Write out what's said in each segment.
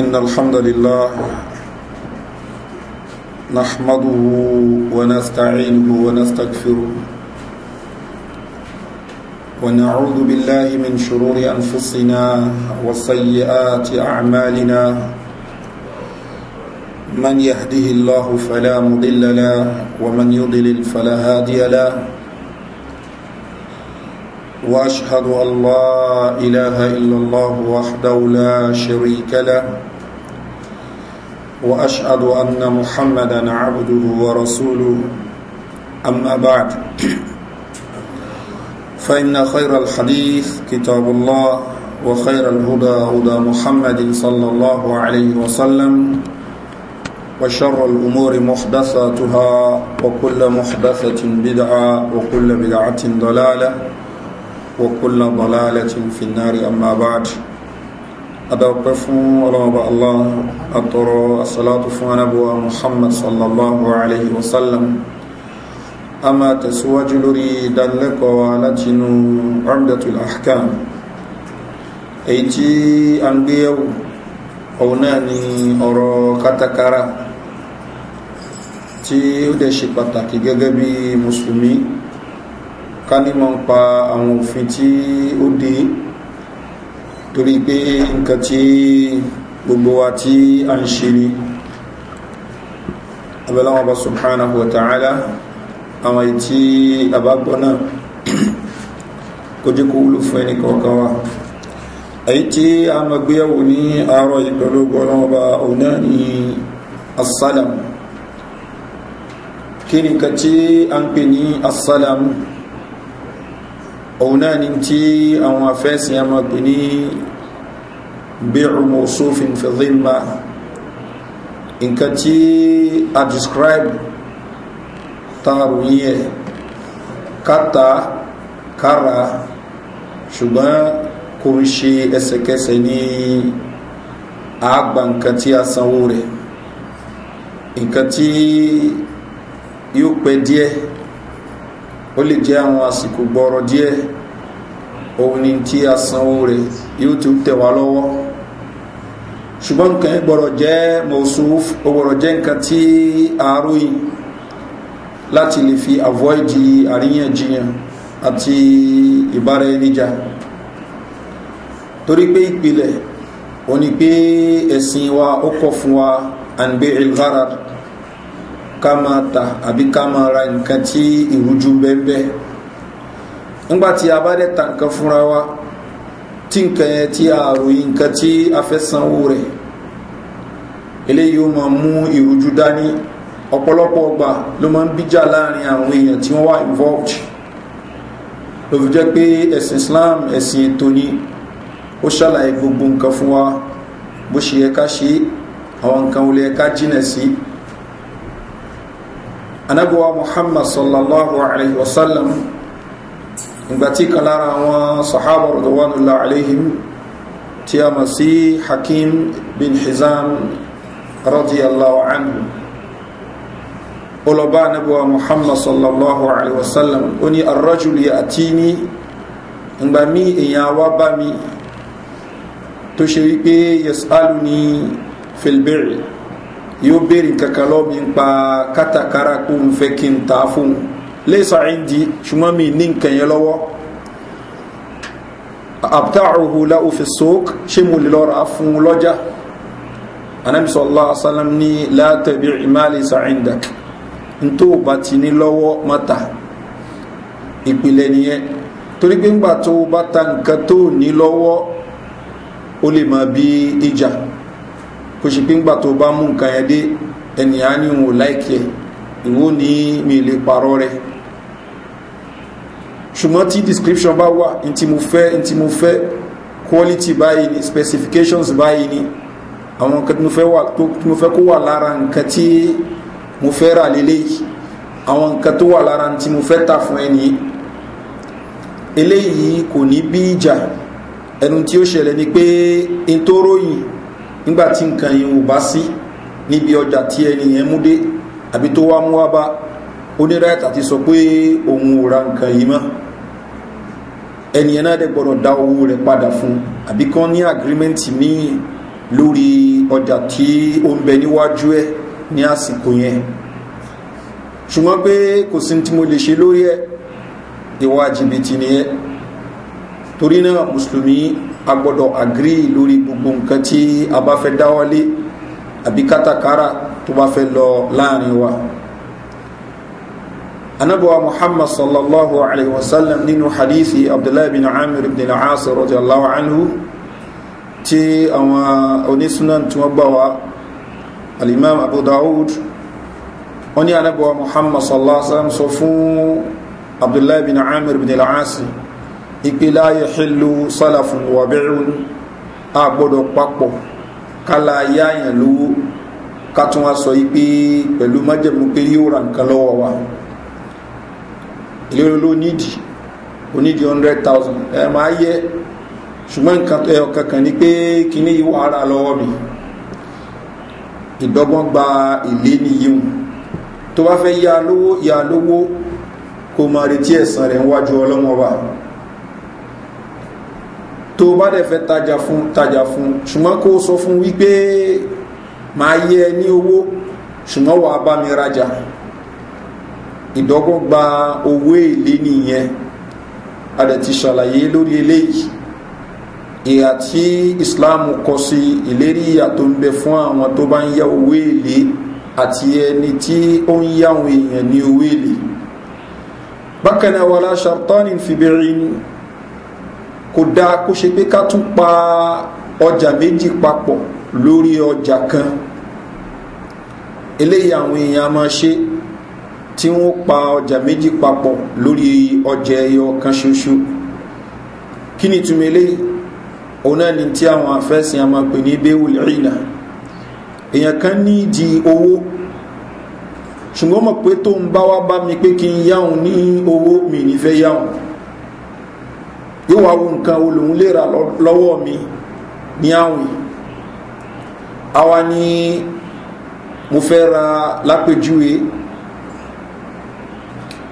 إن الحمد لله نحمده ونستعينه ونستغفره ونعوذ بالله من شرور أنفسنا وسيئات أعمالنا من يهده الله فلا مضل له ومن يضلل فلا هادي له واشهد ان لا اله الا الله وحده لا شريك له وأشهد أن محمدا عبده ورسوله أما بعد فإن خير الحديث كتاب الله وخير الهدى هدى محمد صلى الله عليه وسلم وشر الأمور محدثاتها وكل محدثة بدعة وكل بدعة ضلالة وكل ضلالة في النار أما بعد adáwọ̀pẹ́ fún ọlọ́mọba allah àtọrọ asàlátù fún anábọ̀wà muhammad sallallahu alayhi wa sallam a máa tẹ̀síwájú lórí ìdánilẹ́kọ̀ọ́ látinú armdatul ahkam èyí tí a ń gbé yẹ̀wò òun náà ni ọ̀rọ̀ kátàkárà tí ó dẹ̀ ṣe pàtàkì gẹ́gẹ́ bí mùsùlùmí ká pa àwọn òfin tí ó dé torí pé nǹkan tí gbogbo wa tí a ń ṣe ni abẹ́láwọn ọba subhanahu wa ta'ala àwọn ìtí àbágbọ́ náà kò jẹ́ kó wúlò fún ẹni kọ̀ọ̀kan wa èyí tí a mọ̀ gbéyàwó ní àárọ̀ ìgbẹ̀lógbọ́ náà ọba òun náà ni tí àwọn afẹ́sìn a máa pè ní bẹ́ẹ̀rù mọ̀sófin fìdíma nǹkan tí a describe tààrù yíyẹ kátà kára ṣùgbọ́n kò ń ṣe ẹsẹ̀kẹsẹ̀ ní àgbà nǹkan tí a sanwó rẹ̀ nǹkan tí yóò pẹ́ díẹ̀ ó lè jẹ́ àwọn àsìkò gbọ́rọ̀ díẹ̀ òun ni tí a sanwó rẹ̀ yóò tún tẹ̀ wá lọ́wọ́ ṣùgbọ́n nǹkan gbọ́rọ̀ jẹ́ mọ̀súf ó gbọ́rọ̀ jẹ́ nǹkan tí àáróyìn láti lè fi avoid àríyànjiyàn àti ìbára torí pé ìpìlẹ̀ òní pé ẹ̀sìn wa ó kọ̀ fún wa àǹgbé ilgharar ká máa ta àbí ká máa ra nǹkan tí ìrújú bẹ́ẹ̀ ńgbà tí a bá dẹ̀ ta nǹkan fúnra wa tí nǹkan yẹn tí a ròyìn nǹkan tí a fẹ́ sanwó rẹ̀ eléyìí ó máa mú ìrújú dání ọ̀pọ̀lọpọ̀ ọgbà ló máa ń bíjà láàrin àwọn èèyàn tí wọ́n wà involved ló fi jẹ́ pé ẹ̀sìn Islam ẹ̀sìn ètò ni ó ṣàlàyé gbogbo nǹkan fún wa bó ṣe yẹ ká ṣe àwọn nǹkan olè ká jìnà sí i anabuwa muhammad sallallahu alayhi wa sallam ìgbàtí kan lára àwọn sahaba rọ̀dọ̀wánulá alayhim tí a mọ̀ sí hakim bin hizam radiyallahu anhu olọba anabuwa muhammad sallallahu alayhi wa sallam ó ní arrajul ya àtíní ìgbà mí èèyàn wá bá mi tó ṣe wípé yasalu filbiri yóò béèrè nǹkan kan lọ́wọ́ mi ń pa kátàkárà kó n fẹ́ kí n ta fún un laysa indi ṣùgbọ́n mi ní nǹkan yẹn lọ́wọ́ abta'uhu lahu fi suq ṣé mo lè lọ rà fún un lọ́jà anabi sallallahu alaihi wasallam ní la tabi' ti ní lọ́wọ́ má ta ìpìlẹ̀ nìyẹn torí pé ńgbà tó o bá ta o lè máa bí ìjà. E kò ṣe pé ńgbà tó bá mú nǹkan yẹn dé ẹnìyàn ní òun ò láìkí ìwọ ní mi lè parọ́ rẹ ṣùgbọ́n tí description bá wà ní tí mo fẹ́ ní tí mo fẹ́ quality báyìí ni specifications báyìí ni àwọn nǹkan tí mo fẹ́ kó wà lára nǹkan tí mo fẹ́ rà lélẹ́yìí àwọn nǹkan tó wà lára tí mo fẹ́ tà fún ẹni eléyìí kò ní bí ìjà ẹnu tí ó ṣẹlẹ̀ ni pé n tó ròyìn nígbàtí nǹkan yìí ò bá sí níbi ọjà tí ẹnìyàn mú dé àbí tó wá mú wá bá oníráìtà ti sọ pé òun ò ra nǹkan yìí mọ́ ẹnìyàn náà dẹ̀ gbọ́dọ̀ dá owó rẹ̀ padà fún àbí kan ní agreement míì lórí ọjà tí ó ń bẹ níwájú ẹ̀ ní àsìkò yẹn ṣùgbọ́n pé kò sí tí mo lè ṣe lórí ẹ̀ ìwà jìbìtì nìyẹn torí náà mùsùlùmí a gbọ́dọ̀ agri lórí gbogbo nǹkan tí a bá fẹ́ dáwọ́lé àbí kátàkárà tó bá fẹ́ lọ láàrin wa anabuwa muhammad sallallahu alaihi wasallam nínú hadithi abdullahi bin amir ibn al-as radiyallahu anhu tí àwọn onísunan tí wọ́n gbà al-imam abu dawud wọ́n anabuwa muhammad sallallahu alaihi wasallam sọ fún abdullahi bin amir ibn al-as ìpìlá yẹ̀hìlú sálàfún wàbẹ̀rún àgbọ̀dọ̀ papọ̀ kálá yáyàn lówó kátún wá sọ ipé pẹ̀lú májẹ̀mú pé yóò ra nǹkan lọ́wọ́ wa ìlérò ló nídìí onídìí hundred thousand ẹ máa yẹ ṣùgbọ́n nǹkan ẹyọ kankan ni pé kíní yìí wàá ra lọ́wọ́ mi ìdọ́gbọ́n gba ìlé nìyíhùn tó bá fẹ́ yá lówó yá lówó kó máa retí ẹ̀sán rẹ̀ ń wájú ọlọ́mọba tó bá dẹ̀ fẹ́ tajà fún tajà fún ṣùgbọ́n kó sọ fún wípé máa yẹ ẹ ní owó ṣùgbọ́n wàá bá mi rajà ìdọ́gbọ́n gba owó èlé nìyẹn a dẹ̀ ti ṣàlàyé lórí eléyìí ìhà tí islam kọ sí ìlérí ìyà tó ń bẹ fún àwọn tó bá ń yá owó èlé àti ẹni tí ó ń yá àwọn èèyàn ní owó èlé bákan náà wàlá ṣàtọ́nì fìbẹ̀rẹ̀ kò dáa kó ṣe pé ká tún pa ọjà méjì papọ̀ lórí ọjà kan eléyìí àwọn èèyàn máa ṣe tí wọ́n pa ọjà méjì papọ̀ lórí ọjà ẹyọ kan ṣoṣo kí ni túnmọ̀ eléyìí òun náà ni tí àwọn afẹ́sìn a máa pè ní bẹ́ẹ̀ wùlẹ́rìnà èèyàn kan ní ìdí owó ṣùgbọ́n mọ̀ pé tó ń bá wá bá mi pé kí n yáhùn ní owó mi nífẹ̀ẹ́ yáhùn yóò wá wo nǹkan wo lòun lè ra lọ́wọ́ mi ní àwìn àwa ni mo fẹ́ ra lápèjúwe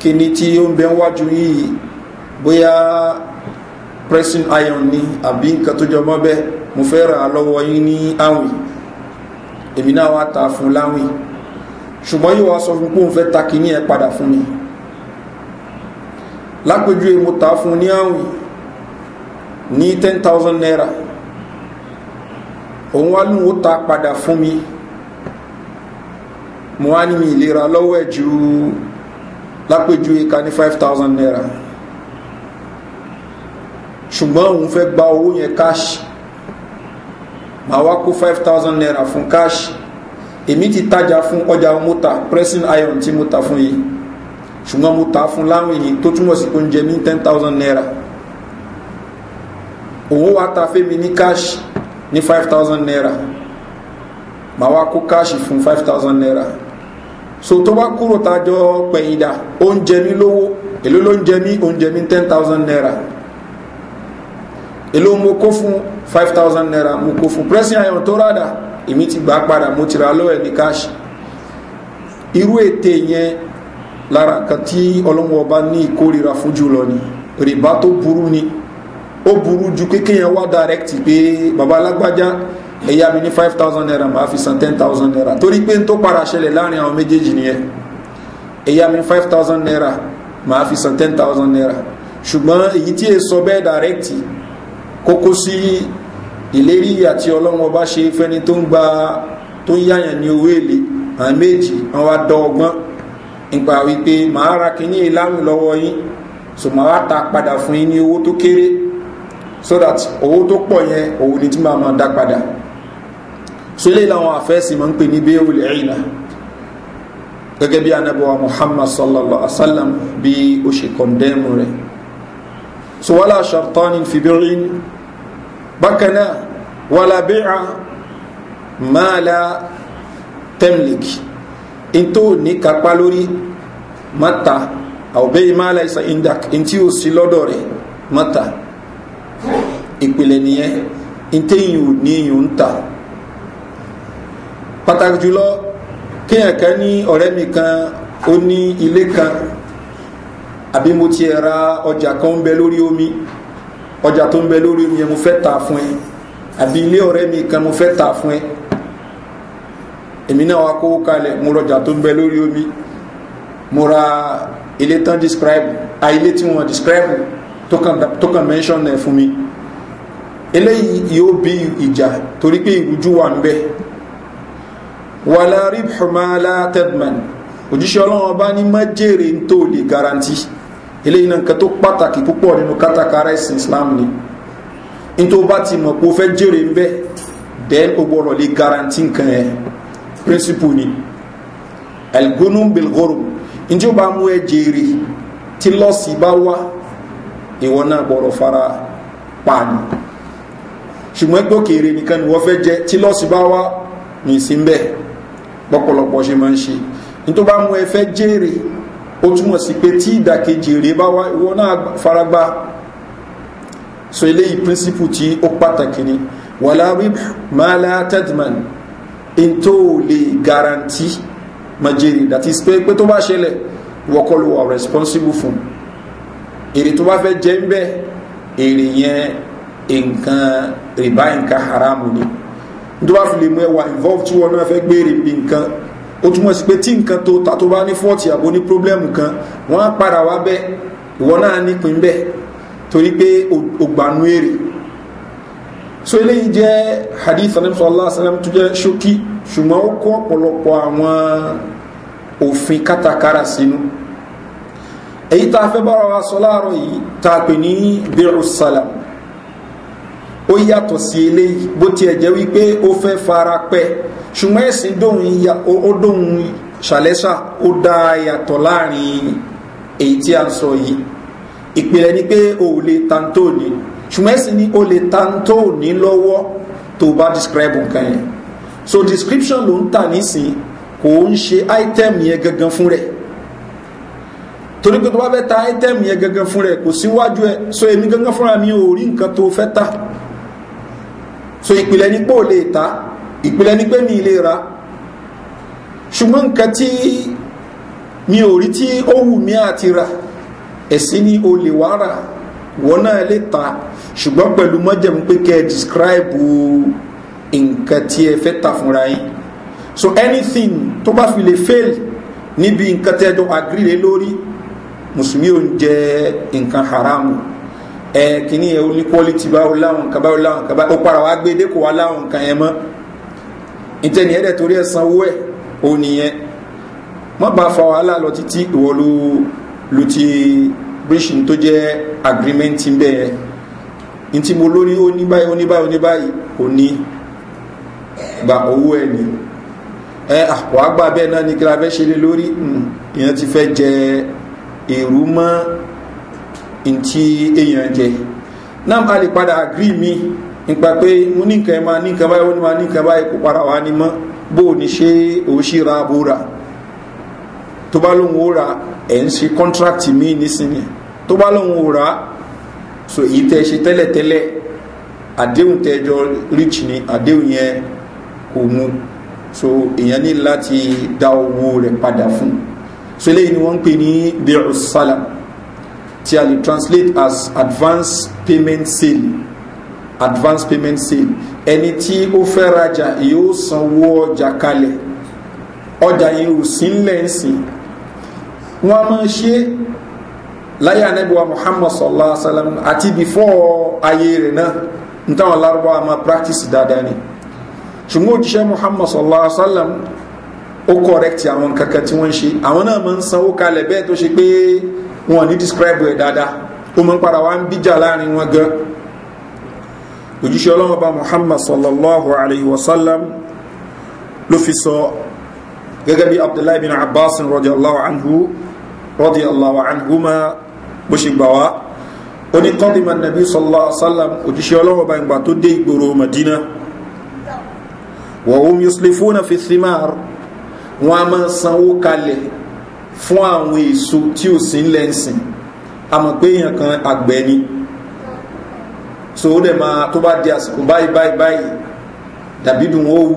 kíní tí ó ń bẹ wájú yìí bóyá pressing iron ni àbí nǹkan tó jọ mọ́ bẹ́ẹ̀ mo fẹ́ ra lọ́wọ́ yín ní àwìn èmi náà wá ta fún láwìn ṣùgbọ́n yóò wá sọ fún pé òun fẹ́ ta kíní ẹ padà fún mi lápèjúwe mo ta fún ní àwìn ní ten thousand naira òun wá lóun ó ta padà fún mi mo wá ní mi ìlera lọ́wọ́ ẹ̀ ju lápèjú ìka ní five thousand naira ṣùgbọ́n òun fẹ́ gba owó yẹn cash màá wá kó five thousand naira fún cash èmi ti tajà fún ọjà mọ́ta pressing iron tí mo ta fún yìí ṣùgbọ́n mo ta fún láwọn èyí tó túmọ̀ sí pé ó ń jẹ ní ten thousand naira òun wá ta fẹ́mi ní káàṣì ní five thousand naira màá wá kó káàṣì fún five thousand naira so tó bá kúrò tájọ pẹ̀yìndà oúnjẹ mi lówó èló ló ń jẹ mí oúnjẹ mi ten thousand naira èló mo kó fún five thousand naira mo kó fún pressing iron tó rádà èmi ti gbà padà mo ti ra lọ́wọ́ ẹ̀ ní káàṣì irú ète yẹn lára kan tí ọlọ́wọ́ ní ìkórira fún jùlọ ni rìbá tó burú ni ó burú ju kékéyàn wá direct pé baba alágbájá ẹ̀yà mi ní five thousand naira màá fi san ten thousand naira torí pé n tó para ṣẹlẹ̀ láàrin àwọn méjèèjì nìyẹn ẹ̀yà mi five thousand naira màá fi san ten thousand naira ṣùgbọ́n èyí tí èso bẹ́ẹ̀ direct kókó sí ìlérí àti ọlọ́run ọba ṣe fẹ́ni tó ń gba tó ń yáyàn ní owó èlé àwọn méjì wọn wá dán ọgbọ́n nípa wípé màá ra kínní ìlànà lọ́wọ́ yín so màá wá ta padà fún yín ní owó tó kéré so that owó tó pọ̀ yẹn òun ni tí màá máa dá padà so eléyìí làwọn àfẹ́sì máa ń pè ní bẹ́ẹ̀ olè ẹ̀yìnà gẹ́gẹ́ bí anábọ̀wá muhammad sallallahu alaihi wa sallam bí ó ṣe kọ̀ndẹ́mù rẹ̀ so wàhálà ṣàtọ́ni fìbírin bákan náà wàhálà bẹ́ẹ̀ máa la temlik ntó ní kápá lórí mata àwòbẹ́yìí máa la ìsà indak ntí ó rẹ̀ mata ìpìlẹ̀ nìyẹn ntẹ́yìn ò ní èyàn ń ta pàtàkì jùlọ kéèyàn kan ní ọ̀rẹ́ mi kan ó ní ilé kan àbí mo ti ra ọjà kan ń bẹ lórí omi ọjà tó ń bẹ lórí omi yẹn mo fẹ́ ta fún ẹ àbí ilé ọ̀rẹ́ mi kan mo fẹ́ ta fún ẹ èmi náà wá kówó kalẹ̀ mo rọjà tó ń bẹ lórí omi mo ra ilé tán describe àìlé tí wọ́n describe tó kàn mention ẹ̀ fún mi eléyìí yóò bí ìjà torí pé ìrújú wà ń bẹ wàlá ribhu ma la tadman òjíṣẹ́ ọlọ́run ọba ní má jèrè ń tó lè garanti eléyìí náà nǹkan tó pàtàkì púpọ̀ nínú kátàkárà ẹ̀sìn islam ni n tó bá ti mọ̀ pé ó fẹ́ jèrè ń bẹ then ó gbọ́dọ̀ lè garanti nǹkan ẹ̀ principle ni algonum bilgorum njẹ o bá mú ẹ jèrè tí lọ́ọ̀sì bá wá ìwọ náà gbọ́dọ̀ fara pa ni ṣùgbọ́n gbókèrè nìkan ni wọ́n fẹ́ jẹ tí lọ́sì bá wá ní ìsínbẹ̀ pọ̀pọ̀lọpọ̀ ṣe máa ń ṣe ní tó bá mú ẹ fẹ́ jèrè ó túmọ̀ sí pé tí ìdàkejì rèé bá wá ìwọ náà faragbá so eléyìí píríncípù tí ó pàtàkì ni wàlá ribh mala tadman in tó lè garanti ma jèrè that is pé pé tó bá ṣẹlẹ̀ ìwọ kọ́ ló wà responsible fún èrè tó bá fẹ́ jẹ́ ń bẹ́ èrè yẹn nǹkan rìbá nǹkan haramu ni tó bá fi lè mú ẹwà involve tí wọn náà fẹ́ gbé rìbí nǹkan ó túmọ̀ sí pé tí nǹkan tó ta tó bá ní fọ́ọ̀tì àbò ní pírọ́blẹ́mù kan wọ́n á padà wá bẹ́ẹ̀ ìwọ náà nípìn bẹ́ẹ̀ torí pé ògbànú èrè so eléyìí jẹ́ hadith anamsa allah salam tó jẹ́ ṣókí ṣùgbọ́n ó kó ọ̀pọ̀lọpọ̀ àwọn òfin kátàkárà sínú èyí tá a fẹ́ bára wa sọ láàárọ̀ yìí tá a pè ní bírù salam ó yàtọ̀ sí eléyìí bó tiẹ̀ jẹ́ wípé ó fẹ́ fara pẹ́ ṣùgbọ́n ẹ̀sìn dóhun ya ó dóhun ṣàlẹ́ṣà ó dá yàtọ̀ láàrin èyí tí a sọ yìí ìpìlẹ̀ ni pé o ò lè tantó ni ṣùgbọ́n ẹ̀sìn ni o lè tantó ní lọ́wọ́ tó bá describe nǹkan yẹn so description ló ń tà nísìn kò ń ṣe item yẹn gangan fún rẹ̀ torí pé tó bá fẹ́ ta item yẹn gangan fún rẹ̀ kò síwájú ẹ̀ so èmi gangan fúnra mi ò rí nǹkan tó fẹ́ ta so ìpìlẹ̀ ní pé ò lè ta ìpìlẹ̀ ní pé mi lè ra ṣùgbọ́n nǹkan tí mi ò rí tí ó wù mí àti ra ẹ̀sìn ni o lè wá rà wọ́n náà lè ta ṣùgbọ́n pẹ̀lú mọ́jẹ̀mú pé kẹ́ ẹ describe nǹkan tí ẹ fẹ́ ta fúnra yín so anything tó bá fi lè fail níbi nǹkan tẹ́jọ́ agree lórí mùsùlùmí ò ń jẹ nǹkan haramu. ẹ kìíní o ó ní quality báwo láwọn nǹkan báwo láwọn nǹkan gbé dẹ́kọ̀ wá láwọn nǹkan yẹn mọ́ torí ẹ̀ sanwó ẹ̀ ó nìyẹn má bàa fa lọ títí ìwọ ló ti tó jẹ́ agreement mo lórí gba owó ní wàá náà ní kí la hmm, ti èrú ntí èèyàn jẹ náà a lè padà agree mi nípa pé mo ní nǹkan ẹ e máa ní nǹkan báyìí ó ní máa ní nǹkan báyìí kó para wa ni mọ́ bó o ní ṣe òun ṣì ra bó ra tó bá lóun ó ra ẹ̀ ń ṣe contract mi nísìnyí tó bá lóun ó ra so èyí tẹ́ ṣe tẹ́lẹ̀tẹ́lẹ̀ àdéhùn tẹ́jọ rich ni àdéhùn yẹn kò mú so èèyàn ní láti dá owó rẹ̀ padà fún so eléyìí ni wọ́n ń pè ní bẹ́ẹ̀ ọ̀sálàmù tí a lè translate as advance payment sale advance payment sale ẹni tí ó fẹ́ rajà yóò sanwó ọjà kalẹ̀ ọjà yìí ò sí ńlẹ̀ ń sìn wọ́n máa ṣe láyé anábíwá muhammad sallallahu alaihi wa sallam àti before ayé rẹ̀ náà nítawọn lárúbáwá máa practice dáadáa ni ṣùgbọ́n òjíṣẹ́ muhammad sallallahu alaihi wa sallam ó correct àwọn kankan tí wọ́n ń ṣe àwọn náà máa ń sanwó kalẹ̀ bẹ́ẹ̀ tó ṣe pé wọn ò ní describe ẹ̀ dáadáa ó máa ń para wa ń bíjà láàrin wọn gan òjíṣẹ́ ọlọ́run bá muhammad sallallahu alayhi wa sallam ló fi sọ gẹ́gẹ́ bí abdullahi bin abbas radiyallahu anhu radiyallahu anhuma bó ṣe gbà wá oni kọ́dìmọ̀ nàbí sallallahu sallam òjíṣẹ́ ọlọ́wọ́ bá ìgbà tó dé ìgboro madina wà ó mùsùlùmí fún àfi thimar wọn a máa sanwó kalẹ̀ fún àwọn èso tí ò sí ńlẹ̀ ń a mọ̀ pé èèyàn kan àgbẹ̀ ni so ó dẹ̀ máa tó bá di àsìkò báyìí báyìí báyìí dàbídùn ó wù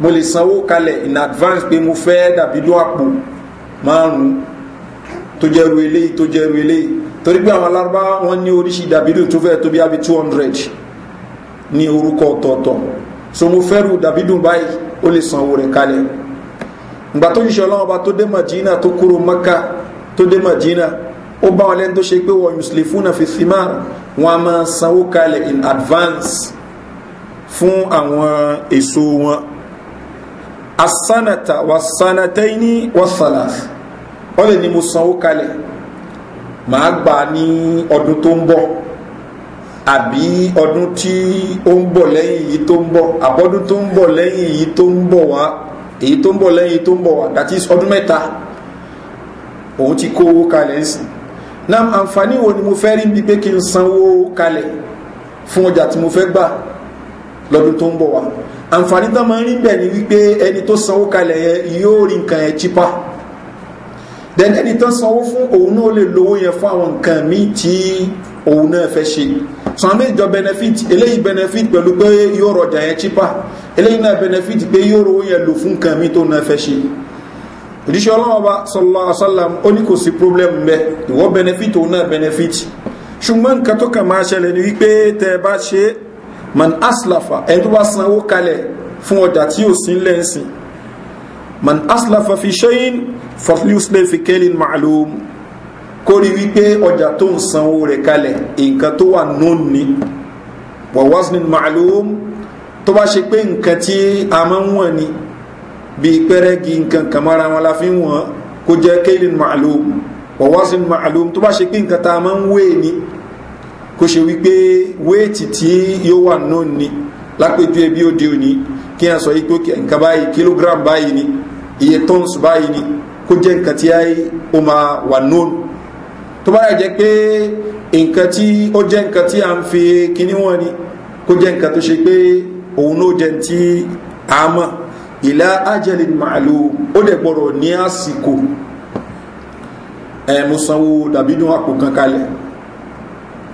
mo lè sanwó kalẹ̀ in advance pé mo fẹ́ dàbídùn àpò márùn-ún tó jẹ́ ru eléyìí tó jẹ́ ru eléyìí torí pé àwọn alárúbáwá wọn ní oríṣi dàbídùn tó fẹ́ tó bí abi two hundred ní orúkọ ọ̀tọ̀ọ̀tọ̀ so mo fẹ́ ru dàbídùn báyìí ó lè sanwó rẹ̀ kalẹ̀ ìgbà tó yíṣẹ́ ọlọ́run ọba tó dé madina tó kúrò maka tó dé madina ó bá wọn lẹ́nu tó ṣe pé wọ́n yuslifuna fi thimar wọn a máa sanwó kalẹ̀ in advance fún àwọn èso wọn asanata wasanataini wasalas wọ́n lè ní mo sanwó kalẹ̀ màá gbà ní ọdún tó ń bọ̀ àbí ọdún tí ó ń bọ̀ lẹ́yìn yìí tó ń bọ̀ àbọ̀dún tó ń bọ̀ lẹ́yìn yìí tó ń bọ̀ wá èyí tó ń bọ̀ lẹ́yìn tó ń bọ̀ wà that is ọdún mẹ́ta òun ti kó owó kalẹ̀ sí náà àǹfààní wo ni mo fẹ́ rí bí pé kí n sanwó kalẹ̀ fún ọjà tí mo fẹ́ gbà lọ́dún tó ń bọ̀ wá àǹfààní tó máa ń rí bẹ̀ ni wípé ẹni tó sanwó kalẹ̀ yẹn yóò rí nǹkan yẹn chipa then ẹni tó sanwó fún òun náà lè lówó yẹn fún àwọn nǹkan míì tí òun náà fẹ́ ṣe sọ àwọn benefit eléyìí benefit pẹ̀lú pé yóò rọjà yẹn chipa eléyìí náà benefit pé yóò rówó yẹn lò fún nǹkan mi tó náà fẹ́ ṣe òjíṣẹ́ ọlọ́wọ́ bá sallallahu alaihi wasallam ó ní kò sí problem bẹ́ ìwọ benefit òun náà benefit ṣùgbọ́n nǹkan tó kàn máa ṣẹlẹ̀ ni wípé tẹ́ ẹ bá ṣe man aslafa ẹni tó bá sanwó kalẹ̀ fún ọjà tí ò sí lẹ́sìn man aslafa fi shay'in falyuslih fi kaylin ma'lum kó rí wípé ọjà tó ń sanwó rẹ̀ kalẹ̀ nǹkan tó wà nọ́ọ̀ni wa waznin ma'lum tó bá ṣe pé nǹkan tí a máa ń wọ̀n ni bíi pẹ́rẹ́gì nǹkan kan mọ́ra wọn la fi ń wọ̀n kó jẹ́ kaylin ma'lum wa wazn ma'lum tó bá ṣe pé nǹkan tá a máa ń wé ni kó ṣe wípé wéètì tí yóò wà náà ni lápẹjú ẹbí òde òní kí a sọ yìí pé nǹkan báyìí kìlógíráàmù báyìí ni iye tons báyìí ni kó jẹ́ nǹkan tí ó máa wà náà tó bá yà jẹ́ pé nǹkan tí ó jẹ́ nǹkan tí a ń fi kíní wọn ni kó jẹ́ nǹkan tó ṣe pé òun ló jẹ tí a mọ̀ ìlà ajẹ́lì màálù ó dẹ̀ gbọ́dọ̀ ní àsìkò ẹ̀ dàbídún àpò kan kalẹ̀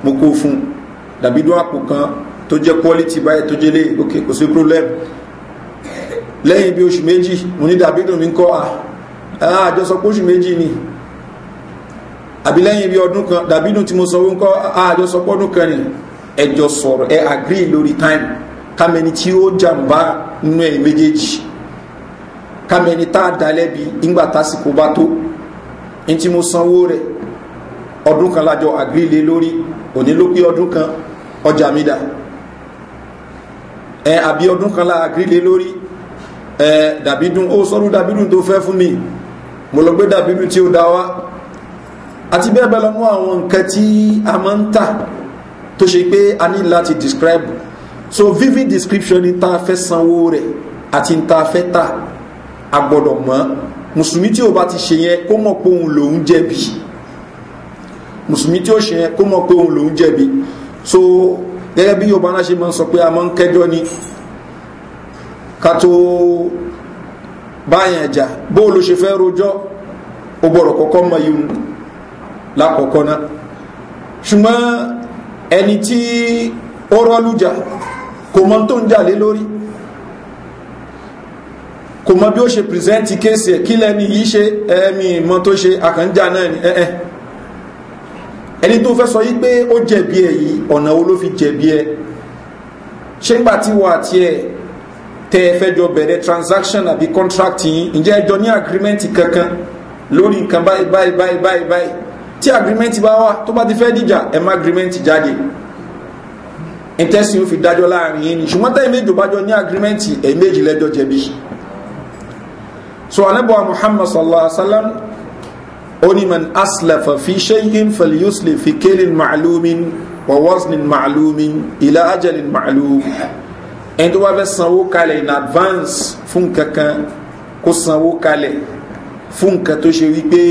mo kó fún dàbídún àpò kan tó jẹ́ quality báyìí tó jẹ́lé ok kò sí problem lẹ́yìn bí oṣù méjì mo ní dàbídùn mi ń kọ́ ah, ah, àjọsọ pé oṣù méjì ni àbí lẹ́yìn bí ọdún kan dàbídùn tí mo sanwó ń kọ́ ah, àjọsọ pé ọdún kan ni ẹjọ sọ̀rọ̀ ẹ agree lórí time kamẹni tí ó jàǹbá nínú ẹ̀ méjèèjì kamẹni tá a dá lẹ́bi ńgbà tásìkò bá tó ní tí mo sanwó rẹ̀ ọdún kan lájọ àgbélé lórí òní ló pé ọdún kan ọjà mi dà ẹ àbí ọdún kan lá àgbélé lórí ẹ dàbídùn ó sọ́rú dàbídùn tó fẹ́ fún mi mo lọ gbé dàbídùn tí ó dá wá àti bẹ́ẹ̀ bẹ́ẹ̀ lọ́nú àwọn nǹkan tí a máa ń tà tó ṣe pé a ní láti describe so vivid description ní ta fẹ́ sanwó rẹ̀ àti ta fẹ́ tà a gbọ́dọ̀ mọ̀ mùsùlùmí tí ó bá ti ṣe yẹn kó mọ̀ pé òun lòún jẹ̀bi mùsùlùmí tí ó ṣe yẹn kó mọ̀ pé òun lòún jẹ̀bi so gẹ́gẹ́ bí yorùbá náà ṣe máa ń sọ pé a ma ń kẹjọ́ ni ká tó báyàn ẹ̀jà bó ló ṣe fẹ́ rojọ́ ó gbọ́dọ̀ kọ́kọ́ mọ yìí lákọ̀ọ́kọ́ náà ṣùgbọ́n ẹni tí ó rọ́lùjà kò mọ tó ń jà lé lórí kò mọ bí ó ṣe pìrìsẹ́ǹtì kéèsì ẹ̀ kí lẹ́ni yìí ṣe ẹ̀ẹ́mì ìmọ̀ tó ṣe àkànjà náà ni ẹ̀ẹ́ ẹni tó fẹ́ sọ yí pé ó jẹ̀bi ẹ̀ yìí ọ̀nà wo ló fi jẹ̀bi ẹ̀ ṣé ńgbà tí wọ́n àti ẹ̀ tẹ́ ẹ fẹ́ jọ bẹ̀rẹ̀ transaction àbí contract yìí ǹjẹ́ ẹjọ́ ní agreement kankan lórí nǹkan báyìí báyìí báyìí báyìí tí agreement bá wà tó bá ti fẹ́ dìjà ẹ̀ má agreement jáde ìtẹ́sí ó fi dájọ́ láàrin yìí ni ṣùgbọ́n tẹ́ ìméjì bájọ ní agrimenti ẹ̀méjì lẹ́jọ́ jẹ̀bi so anábọ̀ muhammad sallallahu alaihi wasallam onímọ̀n aslafa fi ṣẹ́yìn falyusli fi kélin ma'alumin wa wasnin ma'alumin ila ajalin ma'alum ẹni tó wá fẹ́ sanwó kalẹ̀ in advance fún kankan kó sanwó kalẹ̀ fún nǹkan tó ṣe wípé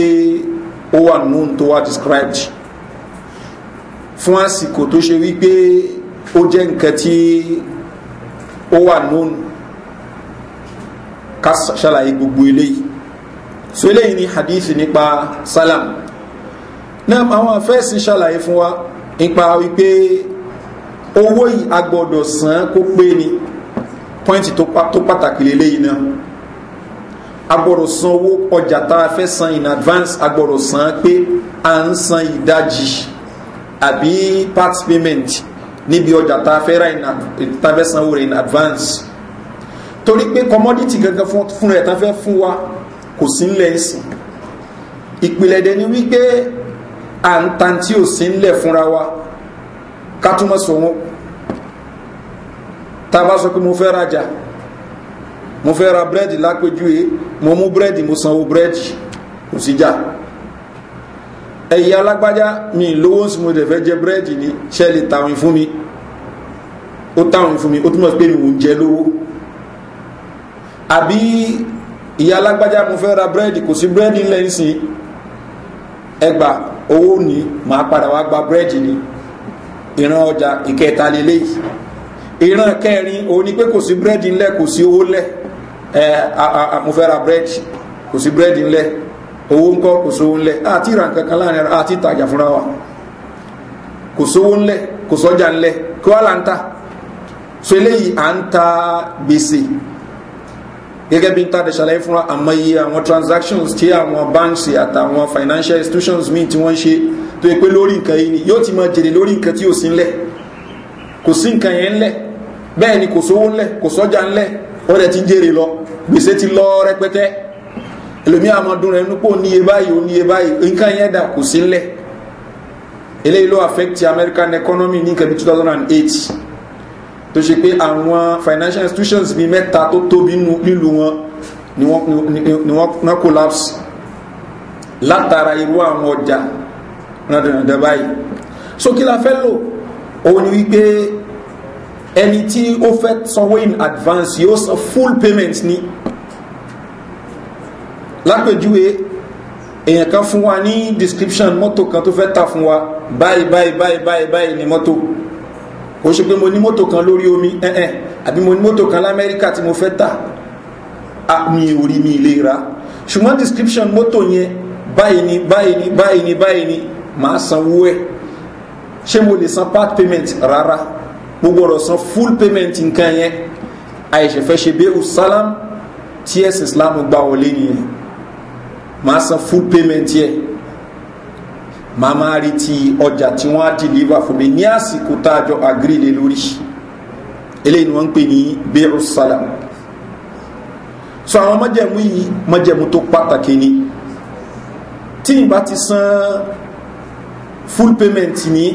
ó wà nù tó wá described fún àsìkò tó ṣe wípé ó jẹ́ nǹkan tí ó wà nún ká ṣàlàyé gbogbo eléyìí so eléyìí ni hadithi nípa salam náà àwọn afẹ́sìn ṣàlàyé fún wa nípa wípé owó yìí agbọ́dọ̀ san kó pé ni pọ́ìntì tó pàtàkì lélẹ́yìí náà agbọ́dọ̀ san owó ọjà tá a fẹ́ san in advance agbọ́dọ̀ san pé à ń san ìdajì àbí part payment níbi ọjà tá a fẹ́ ra in tá a fẹ́ sanwó rẹ̀ in advance torí pé commodity gangan fún rẹ̀ tá a fẹ́ fún wa kò sí ńlẹ̀ ẹ̀sìn ìpìlẹ̀ dẹ̀ ni wípé à ń tan tí ò sí ńlẹ̀ fúnra wa ká túmọ̀ sọ wọn tá a bá sọ pé mo fẹ́ rajà mo fẹ́ ra búrẹ́dì lápéjúwe mo mú búrẹ́dì mo sanwó búrẹ́dì kò sí jà ẹ̀yà alágbájá mi lówó ń sùn dẹ̀ fẹ́ jẹ búrẹ́dì ni ṣẹ́ẹ̀lì tàwìn fún mi ó táwọn fún mi ó túmọ̀ pé mi ò ń jẹ lówó àbí ìyá alágbájá mo fẹ́ ra búrẹ́dì kò sí búrẹ́dì ńlẹ̀ ńsìn ẹgbà owó ni màá padà wá gba búrẹ́dì ni ìran ọjà ìkẹta lélẹ́yìí ìran kẹrin òun ni pé kò sí búrẹ́dì ńlẹ̀ kò sí owó ńlẹ̀ ẹ mo fẹ́ ra búrẹ́dì kò sí búrẹ́dì ńlẹ̀ owó ńkọ́ kò sówó ńlẹ̀ àti ìran kankan láàrin àti ìtajà fúnra wa kò sówó ńlẹ̀ kò sọ́jà ńlẹ̀ kí wàá là ń ta so eléyìí à ń ta gbèsè gẹ́gẹ́ bí n ta de ṣàlàyé fún wa àmọ́ iye transactions tí àwọn banks àtàwọn financial institutions míì tí wọ́n ṣe tó yẹ pé lórí nǹkan yìí ni yóò ti máa jèrè lórí nǹkan tí ò sí ńlẹ̀ kò sí nǹkan yẹn ńlẹ̀ bẹ́ẹ̀ ni kò sówó ńlẹ̀ kò sọ́jà ńlẹ̀ ó rẹ̀ ti ń jèrè lọ gbèsè ti lọ rẹpẹtẹ ẹlòmí àmọ́dún rẹ̀ nípò níye báyìí oníye báyìí nǹkan yẹn dà kò sí ńlẹ̀ eléyìí ló affect American economy ní nǹkan bí 2008 tó ṣe pé àwọn financial institutions bíi mẹ́ta tó tóbi nílù wọn ni wọ́n ná collapse látara irú àwọn ọjà ràdàràdà báyìí so kí la fẹ́ lò òun ni wípé ẹni tí ó fẹ́ sanwó in advance yóò san full payment ni lápèjúwe èèyàn kan fún wa ní description mọ́tò kan tó fẹ́ ta fún wa báyìí báyìí báyìí báyìí báyìí ni mọ́tò kò ṣe pé mo ní mọ́tò kan lórí omi ẹ̀ẹ́ àbí mo ní mọ́tò kan lamẹ́ríkà tí mo fẹ́ tà á mi ò rí mi lè ra ṣùgbọ́n description mọ́tò yẹn báyìí ni báyìí ni báyìí ni báyìí ni màá sanwó ẹ̀ ṣé mo lè san part payment rárá gbogbo ọ̀rọ̀ san full payment nǹkan yẹn àìṣẹ̀ fẹ́ ṣe bẹ́ẹ̀ salam tí ẹ̀sìn islam gbà wọlé nìyẹn màá san full payment yẹn màá máa retí ọjà tí wọ́n á deliver fún mi ní àsìkò tá a jọ agree lé lórí eléyìí ni wọ́n ń pè ní bẹ́ẹ̀rù sálàm so àwọn mọ́jẹ̀mú yìí mọ́jẹ̀mú tó pàtàkì ni tí n bá ti san full payment ní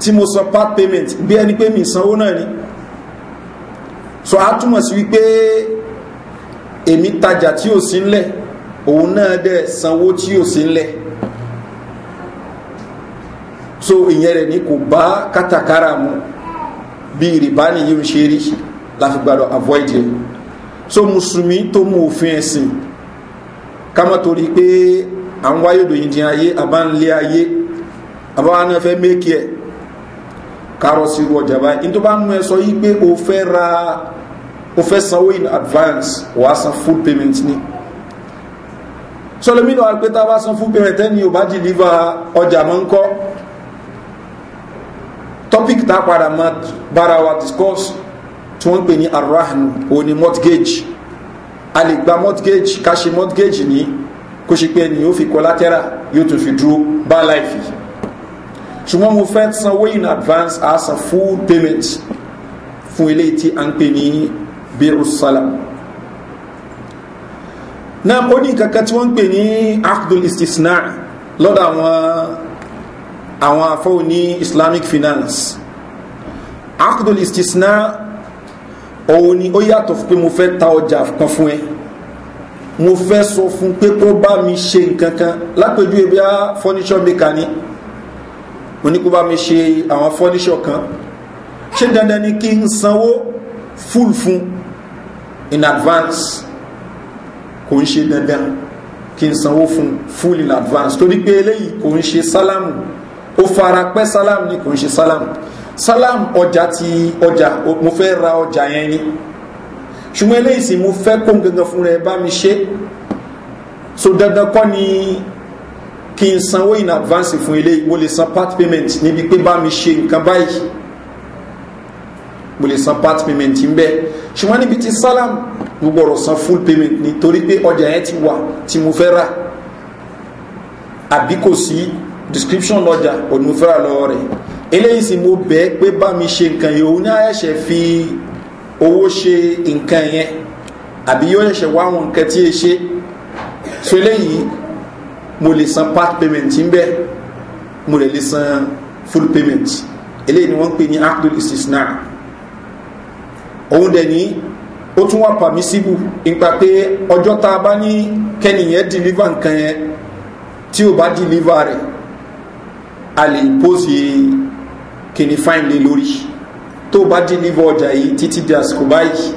tí mo san part payment bí ẹni pé mi sanwó náà ni so a túmọ̀ sí wípé èmi tajà tí ò sí ńlẹ̀ òun náà dẹ̀ sanwó tí ò sí ńlẹ̀ so ìyẹn rẹ̀ ní kò bá kátàkárà mu bí rìbá nìyí ń ṣe rí láfi gbàdọ̀ avoid ẹ̀ so mùsùlùmí tó mú òfin ẹ̀sìn ká má torí pé à ń wáyé òdòyìndín ayé àbá ń lé ayé àbá wa náà fẹ́ méèkì ẹ̀ kárọ̀ sí irú ọjà báyìí ní bá mú ẹ sọ yí pé o fẹ́ ra o fẹ́ sanwó in advance wa san full payment ni sọlọ́mínú àgbẹ̀tà wàá san full payment ẹni ò bá deliver ọjà mọ́ ń kọ́ topic tá a padà mọ bára wa discuss tí wọ́n ń pè ní arahnu òun ni mortgage a lè gba mortgage ká ṣe mortgage ní kó ṣe pé ẹni yóò fi collateral yóò tún fi dúró bá láìfi ṣùgbọ́n mo fẹ́ sanwó in advance as a full payment fún eléyìí tí a ń pè ní birussalam náà ó ní kankan tí wọ́n ń pè ní akdul istisna lọ́dọ̀ àwọn àwọn afọ́ ní islamic finance akdul istisna òun ni ó yàtọ̀ pé mo fẹ́ ta ọjà kan fún ẹ mo fẹ́ sọ fún pé kó bá mi ṣe nǹkan kan lápẹjú ebi á furniture maker ni mo ní kó bá mi ṣe àwọn furniture kan ṣé dandan ni kí n sanwó full fún in advance kò ń ṣe dandan kí n sanwó fún full in advance torí pé eléyìí kò ń ṣe sálámù ó fara pẹ́ sálámù ni kò ń ṣe sálámù sálámù ọjà ti ọjà mo fẹ́ ra ọjà yẹn ni ṣùgbọ́n eléyìí sì mo fẹ́ kó gangan fún rẹ bá mi ṣe so dandan kọ́ ni kí n sanwó in advance fún eléyìí mo lè san part payment níbi pé bá mi ṣe nǹkan báyìí mo lè san part payment ń bẹ ṣùgbọ́n níbi tí salam mo gbọ́dọ̀ san full payment nítorí pé ọjà yẹn ti wà tí mo fẹ́ rà àbí kò sí description lọ́jà onífẹ́ra lọ́wọ́ rẹ̀ eléyìí sì mo bẹ́ẹ̀ pé bá mi ṣe nǹkan yìí òun ní àyẹ̀ṣẹ̀ fi owó ṣe nǹkan yẹn àbí yóò ṣẹ̀ṣẹ̀ wá àwọn nǹkan tí e ṣe so eléyìí mo lè san part payment ń bẹ́ẹ̀ mo lè lè san full payment eléyìí ni wọ́n ń pè ní akdul istisna òun dẹ̀ ní ó tún wà pàmísíbù nípa pé ọjọ́ tá a bá ní kẹ́nìyẹn deliver nǹkan yẹn tí ò bá deliver rẹ̀ a lè impose kìnnì fine lé lórí tó bá deliver ọjà yìí títí di àsìkò báyìí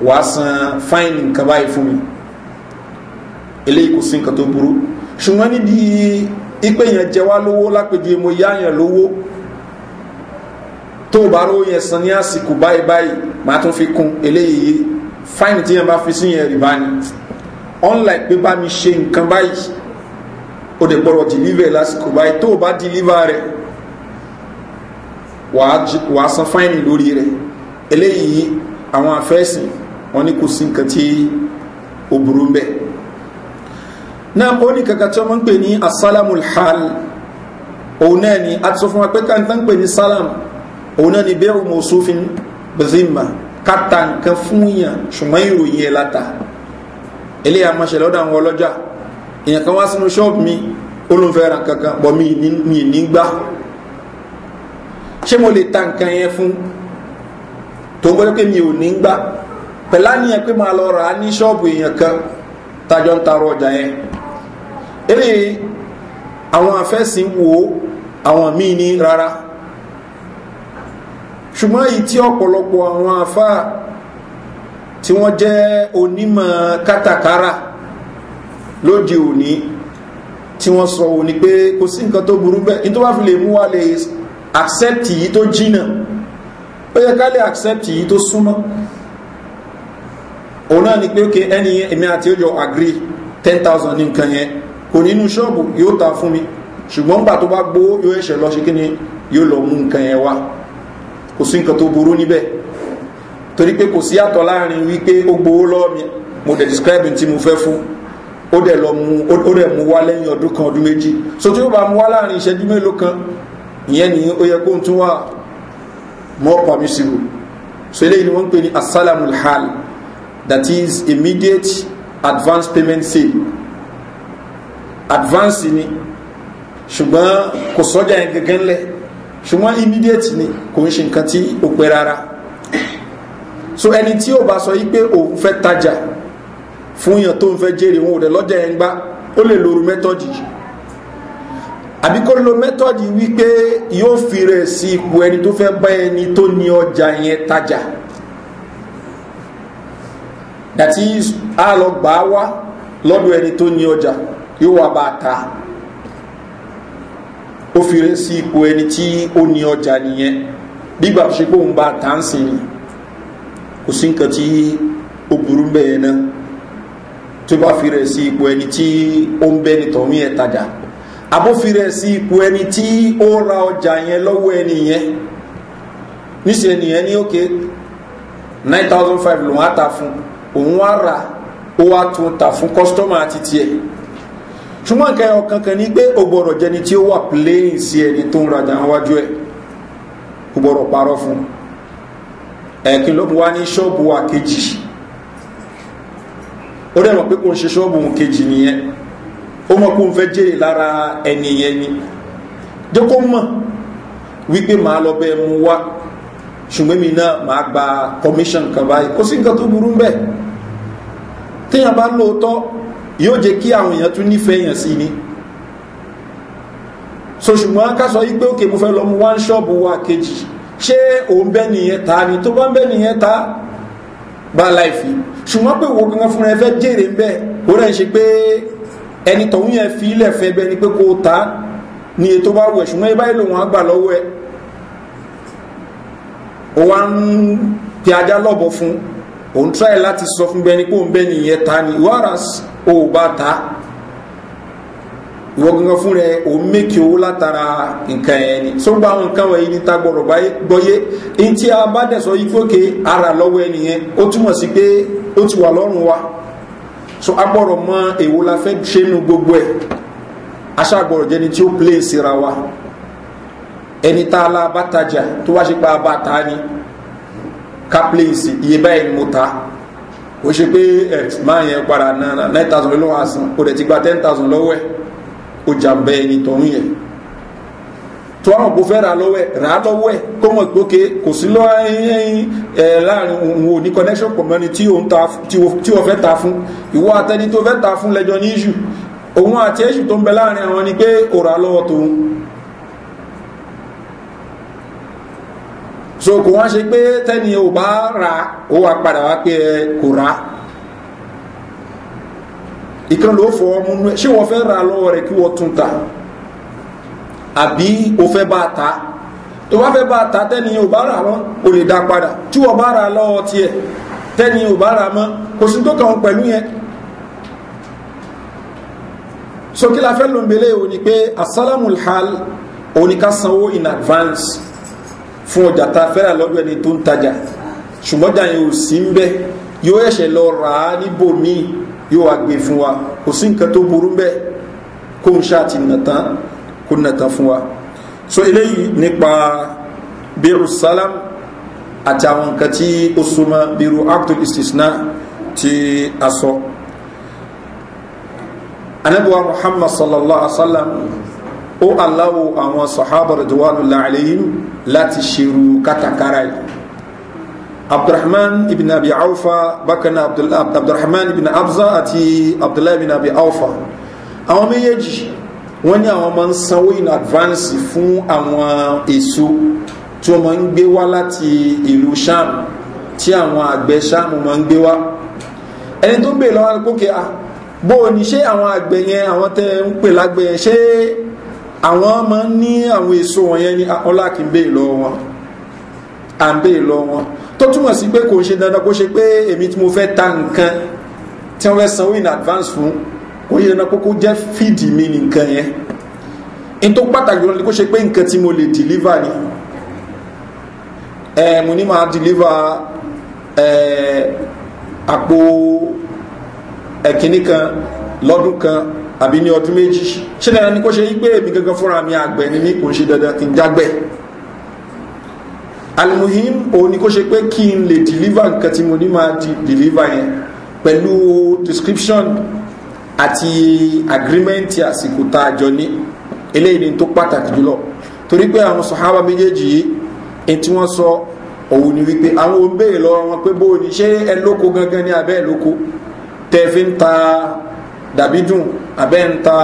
wàá san fine nǹkan báyìí fún mi eléyìí kò sí nǹkan tó burú ṣùgbọ́n níbi ipe yẹn jẹ wá lówó lápèjì mo yá yẹn lówó tó bá rówó yẹn san ní àsìkò báyìí báyìí màá tún fi kún eléyìí fine tí yẹn bá fi sí yẹn rìbá ni unlike pé bá mi ṣe nǹkan báyìí ó dẹ̀ gbọ́dọ̀ deliver ba báyìí tó o bá deliver rẹ̀ wàá san fáìnì lórí rẹ̀ eléyìí àwọn afẹ́sìn wọn ní kò sí nǹkan tí ó burú ń bẹ̀ náà ó ní kankan tí wọ́n ń pè ní asalamul hal òun náà ni a ti sọ fún wa pé káńtà ń pè ní salam òun náà ni bẹ́ẹ̀ mo sófin bẹ́sìmà káta nǹkan fún yàn ṣùgbọ́n ìròyìn ẹ̀ láta eléyà máa ṣẹlẹ̀ ọ̀dọ̀ àwọn ọlọ́jà èèyàn kan wá sínú ṣọ́ọ̀bù mi olùfẹ́ ra kankan bọ̀ mi ì ní gbá ṣé mo lè ta nǹkan yẹn fún tó ń gbọ́dọ̀ pé mi ò ní gbá pẹ̀lá ni yẹn pé máa lọ rà á ní ṣọ́ọ̀bù èèyàn kan tájọ́ ń tarọ ọjà yẹn eré àwọn afẹ́sìn wo àwọn míì ní rárá ṣùgbọ́n èyí tí ọ̀pọ̀lọpọ̀ àwọn afá tí wọ́n jẹ́ onímọ̀ kátàkárà lóde òní tí wọ́n sọ òní pé kò sí nǹkan tó burú bẹ́ẹ̀ ní tó bá fi lè mú wa lè accept yìí tó jìnà ó yẹ ká lè accept yìí tó súnmọ́ òun náà ni pé ókè ẹni èmi àti ó jọ agree ten thousand ní nǹkan yẹn kò nínú ṣọ́ọ̀bù yóò ta fún mi ṣùgbọ́n nígbà tó bá gbó yóò ẹ̀ṣẹ̀ lọ ṣe kí ni yóò lọ mú nǹkan yẹn wá kò sí nǹkan tó burú níbẹ̀ torí pé kò sí àtọ̀ láàrin wípé ó gbowó lọ́ọ̀ mi mo dẹ̀ describe tí mo fẹ́ fún ó dẹ̀ lọ mú ó dẹ̀ mú wá lẹ́yìn ọdún kan ọdún méjì so tí ó bá mú wá láàrin ìṣẹ́jú mélòó kan ìyẹn ni ó yẹ kó tún wà more permissible so eléyìí ni wọ́n ń pè ní asalamul hal that is immediate advance payment sale advance ni ṣùgbọ́n kò sọ́jà yẹn gẹ́gẹ́ ńlẹ̀ ṣùgbọ́n immediate ni kò ń ṣe nǹkan tí ó pẹ́ rárá so ẹni tí ó bá sọ yí pé òun fẹ́ tajà fún yàn tó ń fẹ́ jèrè wọn ò dẹ̀ lọ́jà ẹ̀ ń gbá ó lè lóru mẹ́tọ́dì àbí kó lo mẹ́tọ́dì wípé yóò fi rẹ̀ sí ipò ẹni tó fẹ́ bá ẹni tó ní ọjà yẹn tajà that is lọ gbà á wá lọ́dọ̀ ẹni tó ní ọjà yóò wá bá a ta ó fi rẹ̀ sí ipò ẹni tí ó ní ọjà nìyẹn nígbà tó ṣe pé òun bá a ta ń sìn ni kò sí nǹkan tí ó burú bẹ́ẹ̀ náà tó bá fi rẹ̀ sí ipò ẹni tí ó ń bẹ́ni tọ̀hún yẹn tajà àbó fi rẹ̀ sí ipò ẹni tí ó ra ọjà yẹn lọ́wọ́ ẹni yẹn níṣẹ́ nìyẹn ní òkè nine thousand five lòun á ta fún òun á rà ó wá tún ta fún kọ́sítọ́mà àti tiẹ̀ ṣùgbọ́n nǹkan ẹ̀yọ kankan ní pé o gbọ́dọ̀ jẹni tí ó wà pléyìn sí ẹni tó ń rajà níwájú ẹ̀ o gbọ́dọ̀ parọ́ fún ẹ̀kín ló mú wá ní ṣọ́ọ̀bù wa kejì ó dẹ̀ mọ̀ pé kò ń ṣe ṣọ́ọ̀bù kejì nìyẹn ó mọ̀ kó ń fẹ́ jèrè lára ẹni ni jẹ́ kó mọ̀ wípé màá lọ bẹ́ẹ̀ mú wá ṣùgbọ́n mi náà màá gba commission kan báyìí kò sí nǹkan tó burú bẹ́ẹ̀ téèyàn bá lóòótọ́ yóò jẹ́ kí àwọn èèyàn tún nífẹ̀ẹ́ èèyàn sí ni so ṣùgbọ́n ká sọ yí pé òkè mo fẹ́ lọ mú one shop wa kejì ṣé òun bẹ́ẹ̀ nìyẹn ta ni tó bá ń bẹ́ẹ̀ nìyẹn ta bá láìfi ṣùgbọ́n pé wo gangan fúnra ẹ fẹ́ jèrè ń bẹ́ ó rẹ̀ ṣe pé ẹni tọ̀hún yẹn fi ilẹ̀ fẹ́ bẹ́ẹ̀ ni pé kó ta ni ètò bá wẹ̀ ṣùgbọ́n ibà ìlò wọn gbà lọ́wọ́ ẹ̀ ó wá ń pe ajá lọ́bọ̀ fún òun tíráì láti sọ fún bẹ́ẹ̀ ni pé òun bẹ́ẹ̀ nìyẹn ta ni wàrà ò bá ta ìwọ gangan fún rẹ o mékì owó látara nǹkan ẹ ni sọgbà àwọn nǹkan wọ̀nyí ní ta gbọ́dọ̀ gbọ́yé ní tí a bá dẹ̀sọ yí fókè ara lọ́wọ́ ẹnìyẹn ó túmọ̀ sí pé ó ti wà lọ́rùn wa so a gbọ́dọ̀ e èwo la fẹ́ ṣe nu gbogbo ẹ̀ aṣá gbọ́dọ̀ jẹ́ni tí ó plé síra wa ẹni tá la bataja tu tó wá ṣe pa bá ta ni ká plé sí iye báyìí ni mo ta kò ṣe pé ẹ̀ máa yẹn padà náà nine thousand lọ́wọ́ àsán kò ti gba ten thousand lọ́wọ́ ẹ̀ o jàmbá ẹni tọ̀hún yẹn tó àwọn kò fẹ́ ra lọ́wọ́ ẹ̀ rà lọ́wọ́ ẹ̀ kó mọ̀ gbókè kò sí lọ́ láàrin òun ò ní connection pọ̀ mọ́ni tí o fẹ́ ta fún ìwọ àtẹni tó fẹ́ ta fún lẹ́jọ́ ní issue òun àti issue tó ń bẹ láàrin àwọn ni pé ó rà lọ́wọ́ tòun so kò wọ́n ṣe pé tẹ́ni ò bá ra ó wà padà wá pé kò rà á ìkan ló fọ ọmú nú ẹ ṣé wọ́n fẹ́ ra lọ́wọ́ rẹ̀ kí wọ́n tún ta àbí o fẹ́ bá ta tó bá fẹ́ bá ta tẹ́ni ò bá rà mọ́ o lè dá padà tí wọ́n bá ra lọ́wọ́ tiẹ̀ tẹ́ni ò bá rà mọ́ kò sí tó kàn pẹ̀lú yẹn so kí la fẹ́ ló ń belé o ni pé asalamul hal o ni ká sanwó in advance fún ọjà ta fẹ́ra lọ́dọ̀ ẹni tó ń tajà ṣùgbọ́n jà yẹn ò sí ń bẹ́ yóò ẹ̀ṣẹ̀ lọ rà á níbòmíì yóò wá gbé fún wa kò sí nǹkan tó burú bẹ́ẹ̀ kó ń ṣáàtì nàtán kó nàtán fún wa so eléyìí nípa bẹ́rù salam àti àwọn nǹkan tí ó súnmọ́ bẹ́rù actul istisna ti a sọ anabiwa muhammad sallallahu alaihi wa sallam ó aláwo àwọn sahaba rẹ̀ tó wà lọ́la àlẹ́yìn láti ṣerú kátàkárà yìí abdulrahman ibn abi awfa bákan náà abdulrahman ibn abza àti abdullahi ibn abi awfa àwọn méjèèjì wọ́n ní àwọn máa ń sanwó in advance fún àwọn èso tí wọ́n máa ń gbé wá láti ìlú sham tí àwọn àgbẹ̀ sham máa ń gbé wá ẹni tó ń bè lọ́wọ́ pókè a ah, bó o ní ṣé àwọn àgbẹ̀ yẹn àwọn tẹ́ ń pè lágbẹ̀ ṣé àwọn máa ń ní àwọn èso wọ̀nyẹn ní ah, ọlá kì í bè lọ́wọ́ wọn à ń bèè lọ wọn tó túmọ̀ sí pé kò ń ṣe dandan kó ṣe pé èmi tí mo fẹ́ ta nǹkan tí wọ́n fẹ́ sanwó in advance fún kò ń ṣe dandan kókó jẹ́ fíìdì mi nìkan yẹn in tó pàtàkì lọ́nà kó ṣe pé nǹkan tí mo lè deliver ni ẹ mo ní máa deliver ẹ àpò ẹ̀kíní kan lọ́dún kan àbí ní ọdún méjì ṣé dandan ni kó ṣe yí pé èmi gangan fúnra mi àgbẹ̀ ni mí kò ń ṣe dandan kí n jágbẹ́ almuhim òun ni kó ṣe pé kí n lè deliver nǹkan tí mo ní máa di deliver yẹn pẹ̀lú description àti agreement àsìkò tá a jọ ní eléyìí ni tó pàtàkì jùlọ torí pé àwọn sọ̀hábà méjèèjì yìí ẹni tí wọ́n sọ òun ni wípé àwọn ohun béèrè lọ́wọ́ wọn pé bóò ṣé ẹ lóko gangan ní abẹ́ ẹ lóko tẹ́ fi ń ta dàbídùn abẹ́ ń ta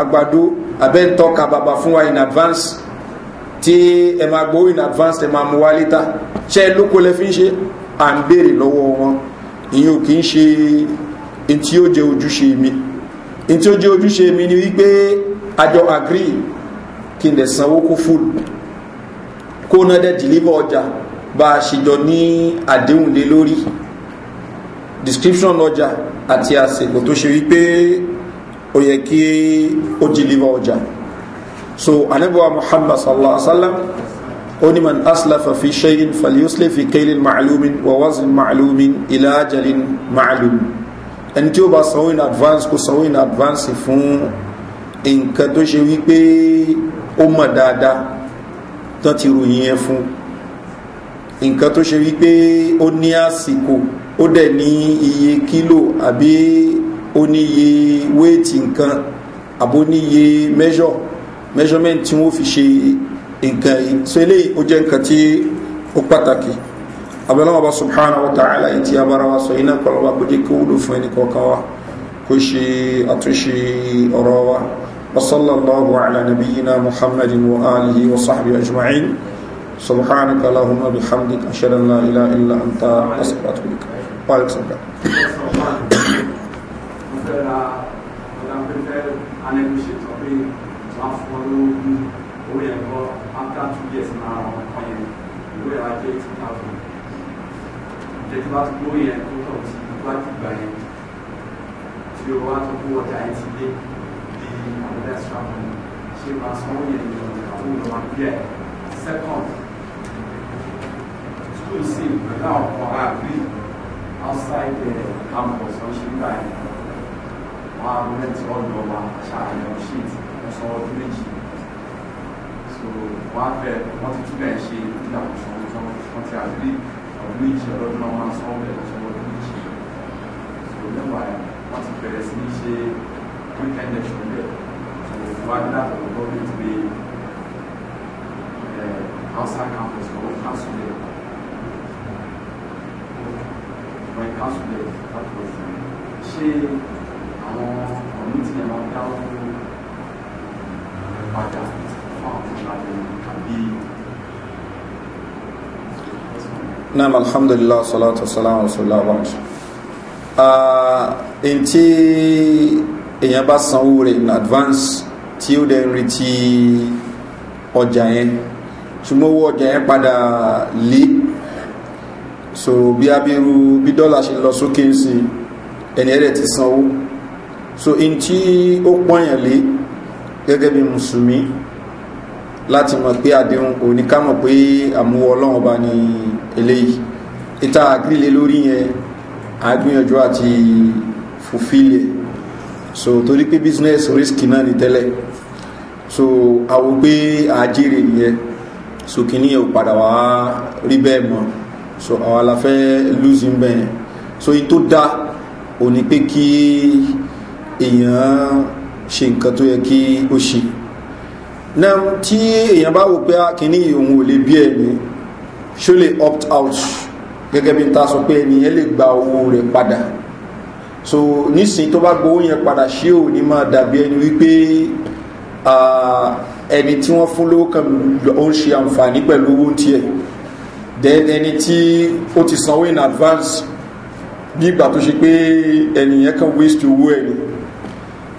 àgbàdo abẹ́ ń tọ́ka bàbà fún wa in advance tí ẹ máa gbowó in advance ẹ máa mú wá létà ṣe lóko lẹ fi ń ṣe à ń béèrè lọ́wọ́ wọn ìyẹn ò kì í ṣe n tí ó jẹ ojúṣe mi n tí ó jẹ ojúṣe mi ni wípé àjọ agree kí n lè sanwó kó fúlù kó náà dẹ̀ dìlíbà ọjà bá a ṣe jọ ní àdéhùn lé lórí description ọjà àti àsìkò tó ṣe wípé ó yẹ kí ó dìlíbà ọjà so anabiwa muhammad sallallahu alaihi wa sallam oni man aslafa fi shayin falyusli fi kailin ma'lumin wa wazn ma'lumin ila ajalin ma'lum ẹni tí ó bá sanwó in advance kò sanwó in advance fún nǹkan tó ṣe wípé ó mọ̀ dáadáa tán ti ròyìn yẹn fún nǹkan tó ṣe wípé ó ní àsìkò ó dẹ̀ ní iye kílò àbí ó ní iye wéètì nǹkan àbó ní iye measure measurement tí wọ́n fi ṣe nǹkan yìí so eléyìí ó jẹ́ nǹkan tí ó pàtàkì abẹ́lẹ́wọ̀n bá subhanahu wa ta'ala yìí tí abara wa sọ iná kọlọ́ wa jẹ́ kí wúlò fún ẹnì kọ̀ọ̀kan wa kó ṣe àtúnṣe ọ̀rọ̀ wa وصلى الله على نبينا محمد وآله وصحبه أجمعين سبحانك اللهم بحمدك أشهد أن لا إله إلا أنت أستغفرك وأتوب إليك. Europe, wherever, after two years now, on where I take 2000. Take about going and go to collected by tí o wá tó kó ọjà yìí ti dé di àwọn ẹ̀sọ́ àwọn ṣé máa sanwó yẹn ní ọjà àwọn olùwà bíẹ̀ second school sí pẹ̀lú àwọn ọkọ̀ àgbì outside the campus wọ́n ṣe ń gbà yẹn wọ́n á rẹ́ntì ọ̀dọ̀ wa ṣáà yẹn ṣíìtì wọ́n sọ ọdún méjì so wọ́n á fẹ́ wọ́n ti túbẹ̀ ṣe ìdílé àwọn ìṣòro tí wọ́n ti àgbélé ọdún méjì ọlọ́dún náà máa sanwó bẹ̀rẹ̀ ṣe ọdún méjì so lẹ́wàá wọ́n ti bẹ̀rẹ̀ sí ní ṣe weekend election bẹ́ẹ̀ so wọ́n á dá àwọn gọ́ọ̀mẹ̀ntì pé outside eh, campus lọ́wọ́ council there wọ́n council there that was ṣé àwọn community yẹn máa dá owó padà. naam alhamdulilah salatu wasalaam rasulillah wa ah, n tí èèyàn bá sanwó rẹ̀ in advance tí ó dẹ̀ ń retí ọjà yẹn ṣùgbọ́n owó ọjà yẹn padà lé so bí abiru bí dọ́là ṣe lọ sókè ń sí ẹni ẹ̀rẹ̀ ti sanwó so n tí ó pọ́nyàn lé gẹ́gẹ́ bí mùsùlùmí láti mọ̀ pé àdéhùn òní ká mọ̀ pé àmúwọ ọlọ́run ọba ní eléyìí ìta àgírílé lórí yẹn àgbìyànjú àti fulfilẹ̀ so torí pé business risk náà ní tẹ́lẹ̀ so àwọn pé àjèrè nìyẹn so kìíní yẹn ò padà wá rí bẹ́ẹ̀ mọ́ so àwọn aláfẹ́ lùzì ń bẹ̀yẹn so yìí tó dá òní pé kí èèyàn ṣe nǹkan tó yẹ kí ó ṣe na tí èyàn bá wò pé ah, kìíní òun ò lè bí ẹni ṣó lè opt out gẹ́gẹ́ bí n ta sọ pé ènìyàn lè gba owó rẹ̀ padà so nísìn tó bá gbowó yẹn padà ṣé ò ní máa dàbí ẹni wípé ẹni tí wọ́n fún lówó kan ó ń ṣe àǹfààní pẹ̀lú owó tiẹ̀ then ẹni tí ó ti sanwó in advance bí ìgbà tó ṣe pé ẹnìyẹn kan waste owó ẹni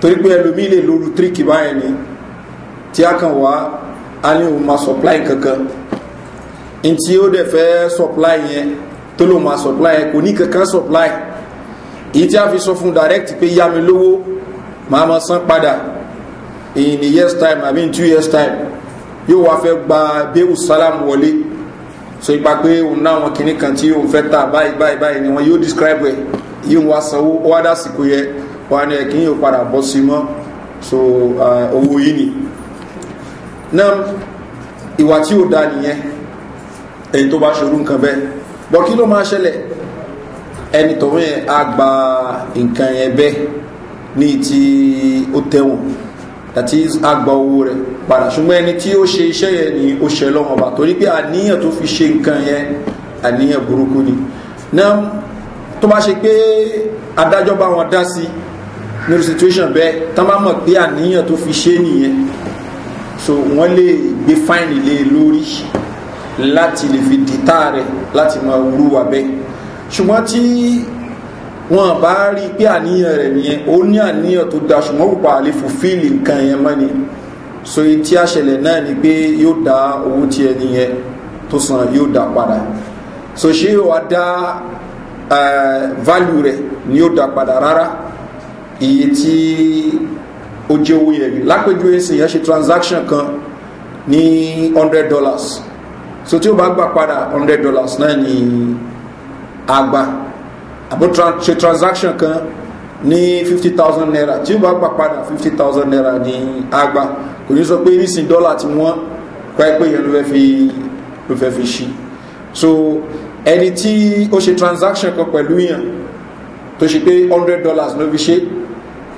torí pé ẹlòmíì lè lóru tíríkì báyẹn ni tí a kàn wá a ní òun máa supply kankan n tí ó dẹ̀ supply yẹn tó ló máa supply yẹn kò ní kankan supply èyí tí a fi sọ fún direct pé yá mi lówó màá máa san padà in a years time I mean two years time yóò wá fẹ́ gba bẹ́ẹ̀ salam wọlé so ipa pé òun náà wọn kìnnì kan tí òun fẹ́ ta báyìí báyìí báyìí ni wọn yóò describe ẹ̀ yóò wá sanwó ó wá dásìkò yẹ wọn á ní ẹ̀ kí yóò padà bọ́ sí mọ́ so owó yìí ni náà ìwà tí ó dá nìyẹn èyí tó bá ṣorú nǹkan bẹ́ẹ̀ bọ́ kí ló máa ṣẹlẹ̀ ẹni tọ̀hún yẹn á gba nǹkan yẹn bẹ́ẹ̀ ní ti ó tẹ̀wọ̀n àti á gba owó rẹ̀ padà ṣùgbọ́n ẹni tí ó ṣe iṣẹ́ yẹn ni ó ṣe lọ́wọ́ bá torí pé àníyàn tó fi ṣe nǹkan yẹn àníyàn burúkú ni náà tó bá ṣe pé adájọ́ bá wọn dá sí nínú situation bẹ́ẹ̀ tán bá mọ̀ pé àníyàn tó fi ṣe nìyẹn so wọ́n lè gbé fáìnì lé e lórí láti lè fi dìtà rẹ̀ láti máa wúrúwà bẹ́ẹ̀ ṣùgbọ́n tí wọ́n bá rí pé àníyàn rẹ̀ nìyẹn ó ní àníyàn tó da ṣùgbọ́n kò pa àlè fòfíìlì nǹkan yẹn mọ́ ni so tí àṣẹlẹ̀ náà ni pé yóò da owó tí ẹni tó san yóò da padà so ṣé wàá da eh, value rẹ̀ ni yóò da padà rárá iye tí ó jẹ́ owó yẹn bí lápèjúwe sì ṣe transaction kan ní hundred dollars so tí o bá gbà padà hundred dollars náà ni agba. àbò ṣe transaction kan ní fifty thousand naira tí o bá gbà padà fifty thousand naira ni agba. kò ní sọ pé nísìnyí dọ́là tí wọ́n kọ́ yẹn ló fẹ́ fi ló fẹ́ fi ṣí so ẹni tí ó ṣe transaction kan pẹ̀lú yẹn tó ṣe pé hundred dollars ló fi ṣe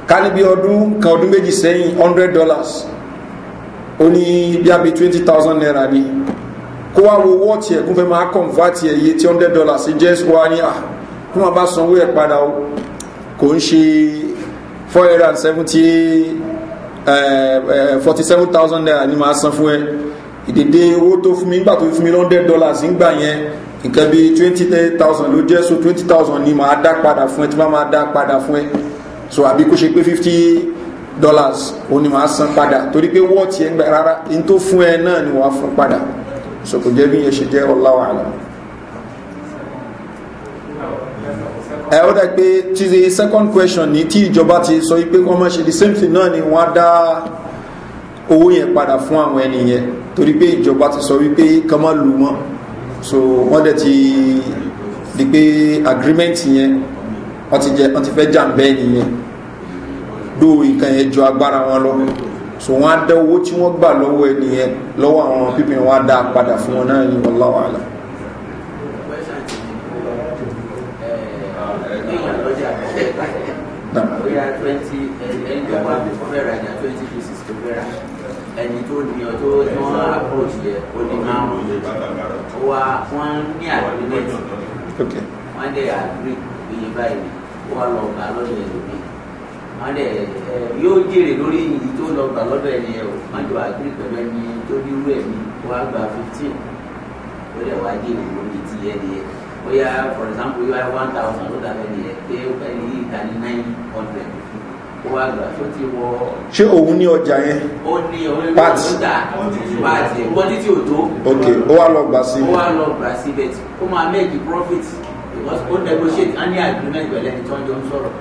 ká níbi ọdún kan ọdún méjì sẹ́yìn hundred dollars ó ní bí a twenty thousand naira ni kó wá wo wọ́ọ̀tì ẹ̀ kún fẹ́ máa convert ẹ̀ iye tí hundred dollars jẹ́ wá ní à ah, kó máa bá sanwó ẹ̀ padà o kò ń ṣe four hundred and seventy eh, eh, forty seven thousand naira ni màá san fún ẹ ìdèdè owó tó fún mi nígbà tó fún mi hundred dollars nígbà yẹn nǹkan bíi twenty thousand ló jẹ́ so twenty thousand ni màá dá padà fún ẹ tí màá máa dá padà fún ẹ so àbí kó ṣe pé fifty dollars ó ní wàá san padà torí pé wọ́ọ̀tì ẹ̀ ń gbà rárá n tó fún ẹ náà ni wàá fún padà so kò jẹ́ bí yẹn ṣe jẹ́ wallahu a'lam. ẹ ó dà pé ti the second question ní tí ìjọba ti sọ pé kọ́ máa ṣe the same thing náà ni wọ́n á dá owó yẹn padà fún àwọn ènìyàn torí pé ìjọba ti sọ wípé kọ́ máa lù wọ́n so wọ́n dẹ̀ ti di pé agreement yẹn wọ́n ti jẹ wọ́n ti fẹ́ jàǹbẹ́ nìyẹn do nǹkan yẹn ju agbára wọn lọ so wọ́n á dá owó tí wọ́n gbà lọ́wọ́ ẹ nìyẹn àwọn pípín wọn á dá padà fún wọn náà ní wallahu a'lam. ẹni tó ní ọjọ́ tí wọ́n approach yẹ ó ní márùn-ún wọ́n ní agreement wọ́n dẹ̀ agree iye báyìí wà lọ gbà lọ́dọ̀ ẹlòmíì má dẹ̀ yóò jèrè lórí iyì tó lọ gbà lọ́dọ̀ ẹni ẹ o má jọ àgbè pẹ̀lú ẹni tó ní irú ẹ̀mí wà gba fifteen ó dẹ̀ wá jèrè lórí ti ẹni ẹ ó yá for example yóò wá one thousand ló dàbẹ̀ ẹni ẹ pé ẹni yìí ta ní nine hundred ó wá gbà tó ti wọ. ṣé òun ní ọjà yẹn. ó ní òun ló ń ta pàtì quantity ò tó. ok ó wá lọ gbà sí. ó wá lọ gbà sí kó máa make profit because ó negotiate any agreement pẹ̀lú ẹni tó ń jọ ń sọ̀rọ̀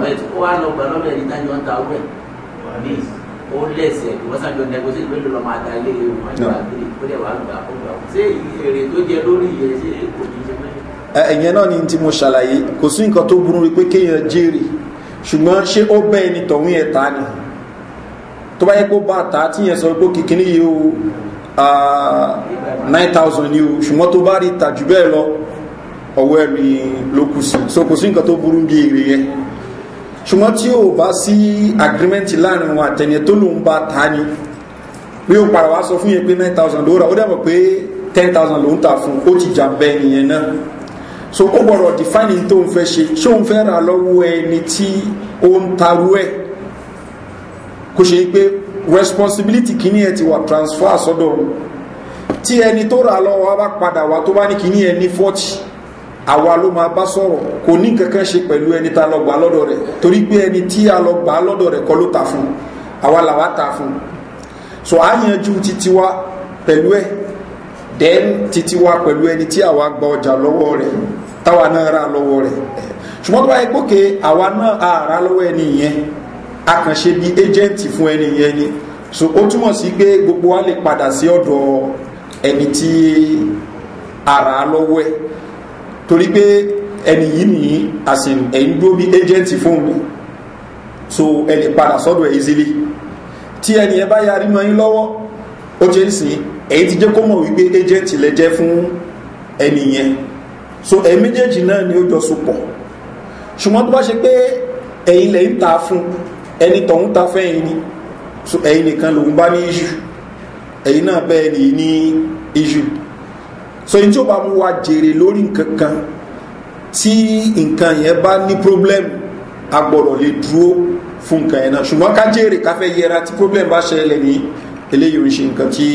but ó wá lọ gbà lọ́dọ̀ ẹni tá ń jọ ń ta ọgbẹ́ means ó lẹ̀sẹ̀ because àjọ negotiate pẹ̀lú lọ́mọ ata ilé ìwé wọn gbà pé ó dẹ̀ wá gbà ó gbà ṣé èrè tó jẹ lórí ìyẹn ṣe kò ní ṣe mẹ́rin. ẹ̀yẹn náà ni tí mo ṣàlàyé kò sí nǹkan tó burú rí pé kéèyàn jèrè ṣùgbọ́n ṣé ó bẹ́ ẹni tọ̀hún yẹn ta ni tó bá yẹ kó bá ta tí yẹn sọ pé kìkìnní yìí o ah, nine thousand ni o ṣùgbọ́n tó bá rí ta jù bẹ́ẹ̀ lọ ọwọ́ ẹ̀rí ló kù sí so kò sí nǹkan tó burú bí èrè yẹn ṣùgbọ́n tí ò bá sí agreement láàrin wọn àtẹnìyẹ tó lòun bá ta ni pé ó padà wá sọ fún yẹn pé nine thousand ló rà ó dàbọ̀ pé ten thousand ló ń ta fún ó ti jà bẹ́ẹ̀ nìyẹn náà so ó gbọ́dọ̀ define tó ń fẹ́ ṣe ṣé òun fẹ́ ra lọ́wọ́ ẹni tí ó ń tarú ẹ̀ kò ṣe pé responsibility kìíní ẹ ti wà transfer sọ́dọ̀ tí ẹni tó rà lọ́wọ́ wá bá padà wá tó bá ní kìíní ẹ ní forty àwa ló máa bá sọ̀rọ̀ kò ní kankan ṣe pẹ̀lú ẹni tá a lọ gbà lọ́dọ̀ rẹ̀ torí pé ẹni tí a lọ gbà lọ́dọ̀ rẹ̀ kọ́ ló ta fún àwa làwa ta fún so a yanjú titi wa pẹ̀lú ẹ̀ then titi wa pẹ̀lú ẹni tí àwa gba ọjà lọ́wọ́ rẹ̀ táwa náà rà lọ́wọ́ rẹ̀ ṣùgbọ́n tó bá yẹ pókè àwa náà a rà lọ́wọ́ ẹni yẹn a kàn ṣe bí ẹ́jẹ̀ǹtì fún ẹni yẹn ni so ó túmọ̀ sí pé gbogbo wa lè padà sí ọ̀dọ̀ ẹni tí a rà lọ́wọ́ ẹ̀ torí pé ẹni yìí nìyí àsìn ẹ̀yìn dúró bí agent fún mi so ẹni padà sọ́dọ̀ ẹ̀ easily tí ẹni ẹ bá yarí mọ́ yín lọ́wọ́ ó jẹ́ ìsìn èyí ti jẹ́ kó mọ̀ wípé agent lẹ jẹ́ fún ẹni yẹn so ẹ̀ méjèèjì náà ni ó jọ sopọ̀ ṣùgbọ́n tó bá ṣe pé ẹ̀yin lẹ̀ ń ta fún ẹni tọ̀hún ta fẹ́yìn ni so ẹ̀yin nìkan lòun bá ní iṣu ẹ̀yin náà bẹ́ẹ̀ ni ní iṣu so yìí tí ó bá mú wa jèrè lórí nǹkan kan tí nǹkan yẹn bá ní problem a gbọ́dọ̀ lè dúró fún nǹkan yẹn náà ṣùgbọ́n ká jèrè ká fẹ́ yẹra tí problem bá ṣẹlẹ̀ ní eléyìí ń ṣe nǹkan tí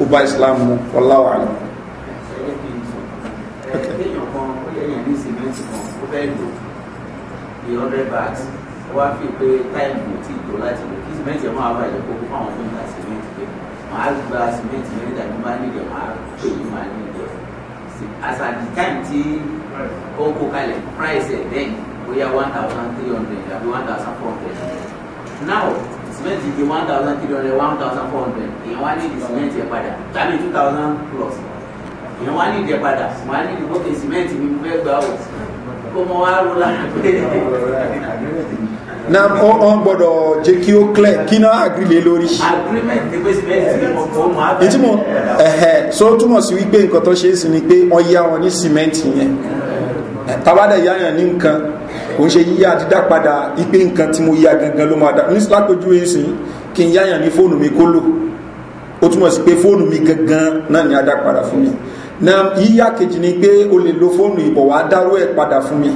ó bá Islam mu wallahu alam. máa gba sìmẹ́ntì yẹn nígbà tí nílẹ̀ màá pè é màá nílẹ̀ as at the time tí ó kó kalẹ̀ price ẹ̀ then bóyá one thousand three hundred àbí one thousand four hundred now cement di one thousand three hundred one thousand four hundred èèyàn wá ní di cement yẹn padà tàbí two thousand plus èèyàn wá ní ìdẹ padà wá ní ìdìbò kè cement mi fẹ́ gbà ó kó mọ wá rọlá pé na wọn gbọ́dọ̀ jẹ́ kí ó clear kí náà àgírílẹ̀ lórí ìtumọ̀ ẹ̀hẹ̀ so túmọ̀ sí wípé nǹkan tó ṣe é sí ni pé wọ́n yá wọn ní sìmẹ́ǹtì yẹn tabada yáyàn ní nǹkan kò ń ṣe yíyá dídá padà ipe nǹkan tí mo yá gangan ló máa dá ní sílápẹ̀jú èsì kí n yáyàn ní fóònù mi kó lò ó túmọ̀ sí pé fóònù mi gangan náà ni a dá padà fún mi na yíyá kejì ni pé o lè lo fóònù ìbọ̀ dárú ẹ̀ padà fún mi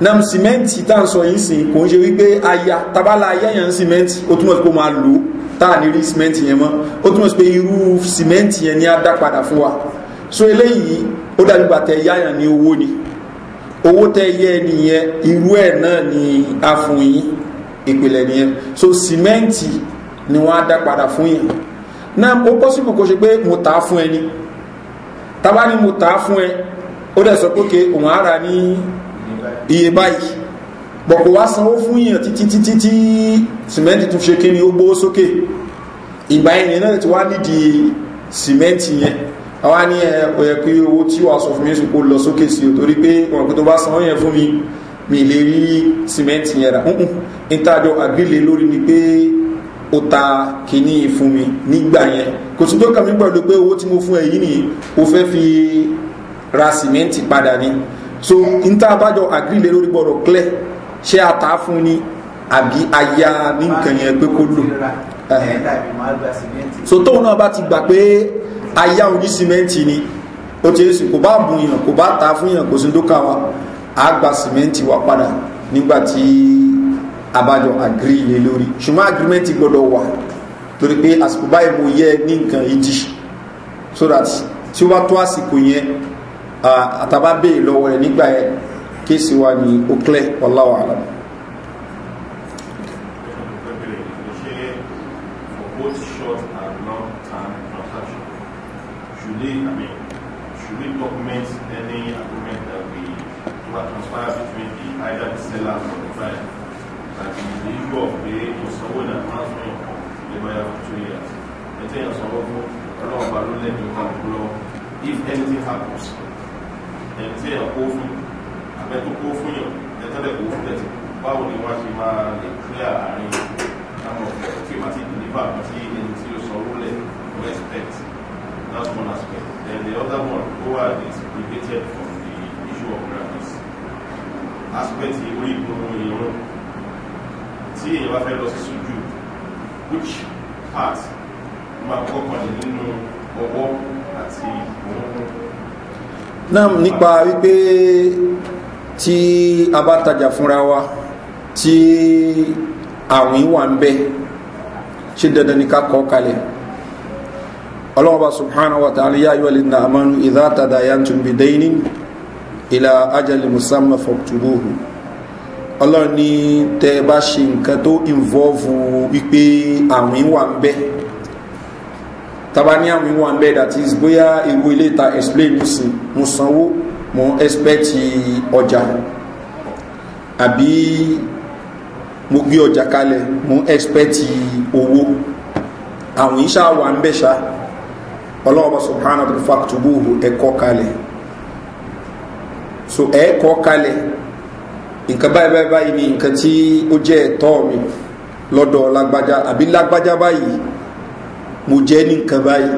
nam simenti tá n sọ yìí sìn kò ń ṣe wípé aya tabala aya yẹn simenti ó túmọ̀ sí pé ó máa lò tá à ní rí simenti yẹn mọ́ ó túmọ̀ sí pé irú simenti yẹn ni a dá padà fún wa so eléyìí ó dàbí gbàtẹ yáyàn ní owó ni owó tẹ yẹ nìyẹn irú ẹ̀ náà ni a fún yín ìpìlẹ̀ nìyẹn so simenti ni wọ́n á dá padà fún yín náà ó pọ́sibù kó ṣe pé mo tà á fún ẹni tabani mo tà á fún ẹ ó dẹ̀ sọ pé òun ara ní iye báyìí bọ̀kọ̀ wá sanwó fún yàn títí títí tí sìmẹ́ntì tún ṣe kíni ó gbówó sókè ìgbà ẹ̀yìn náà ti wá nídìí sìmẹ́ntì yẹn àwa ní ẹ ọ̀yẹ̀ pé owó tí wàá sọ fún mi sùn kó lọ sókè sí o torí pé wọn kò tó bá sanwó yẹn fún mi mi lè rí sìmẹ́ntì yẹn rà nǹkan ìtajọ àgbélé lórí ni pé ó ta kíní fún mi nígbà yẹn kò tún tó kàmí pẹ̀lú pé owó tí mo fún ẹ yìí nìyí ó fẹ́ fi ra sìmẹ́ntì padà ni so n tá a bá jọ agree lé lórí gbọ́dọ̀ clear ṣé a ta fún ni àbí aya ní nǹkan yẹn pé kó lò so tóun náà bá ti gbà pé aya òní sìmẹ́ǹtì ni ó ti sùn kò bá bùn yàn kò bá ta fún yàn kò sí dókà wa a gba sìmẹ́ǹtì wa padà nígbà tí a agree lé lórí ṣùgbọ́n agreement gbọ́dọ̀ wà torí pé àsìkò báyìí mo yẹ ní nǹkan ìdí so that tí ó bá tó àsìkò yẹn àtàbá béè lọ́wọ́ rẹ̀ nígbà yẹn kéèsì wa ní oklẹ ọláwà àlọ. Should they, we document any agreement that we what transpired between either the seller or the the issue of the ìsanwó ní àtúnṣe the buyer for two years. Ẹ̀tẹ́ ìsanwó fún ọlọ́ọ̀bá ló lẹ́nu ìkàkùn lọ. If anything happens, ẹni tí kó fún abẹ kó fún yàn tẹ́tẹ́lẹ̀ kó fún tẹ̀sí báwo ni wọ́n ṣe máa lè kílẹ̀ àárín àwọn ọ̀fẹ́ àti ìdìbò àti ẹni tí ó sọ wọlé respect that's one aspect then the other one tó wà is related from the issue of practice aspect orí ìgbóhùn ìrún tí èèyàn bá fẹ́ lọ sí sójú which part máa kọ́kọ́ nínú ọwọ́ àti òun náà nípa wípé tí a bá tajà fúnra wa tí àwìn wà ń bẹ ṣe dandan ní ká kọ́ kalẹ̀ ọlọ́wọ́ba subhanahu wa ta'ala ya yọ lina amanu idha tadayantum bidainin ila ajali musamman faktubuhu ọlọ́ni tẹ bá ṣe nǹkan tó involve wípé àwìn wà ń bẹ́ẹ̀ tabani àwọn ìwọ̀n àmì bẹ́ẹ̀ that is bóyá ìwé ilé ta explain nísìn mo sanwó mo expect ọjà àbí mo gbé ọjà kalẹ̀ mo expect owó àwọn yìí ṣáà wà ń bẹ̀ ṣá ọlọ́ọ̀bá subhanahu wa factubuhu ẹ̀kọ́ kalẹ̀ so ẹ̀kọ́ kalẹ̀ nǹkan báyìí báyìí báyìí ni nǹkan tí ó jẹ́ ẹ̀tọ́ mi lọ́dọ̀ lágbájá àbí lágbájá báyìí mo jẹ́ ní nǹkan báyìí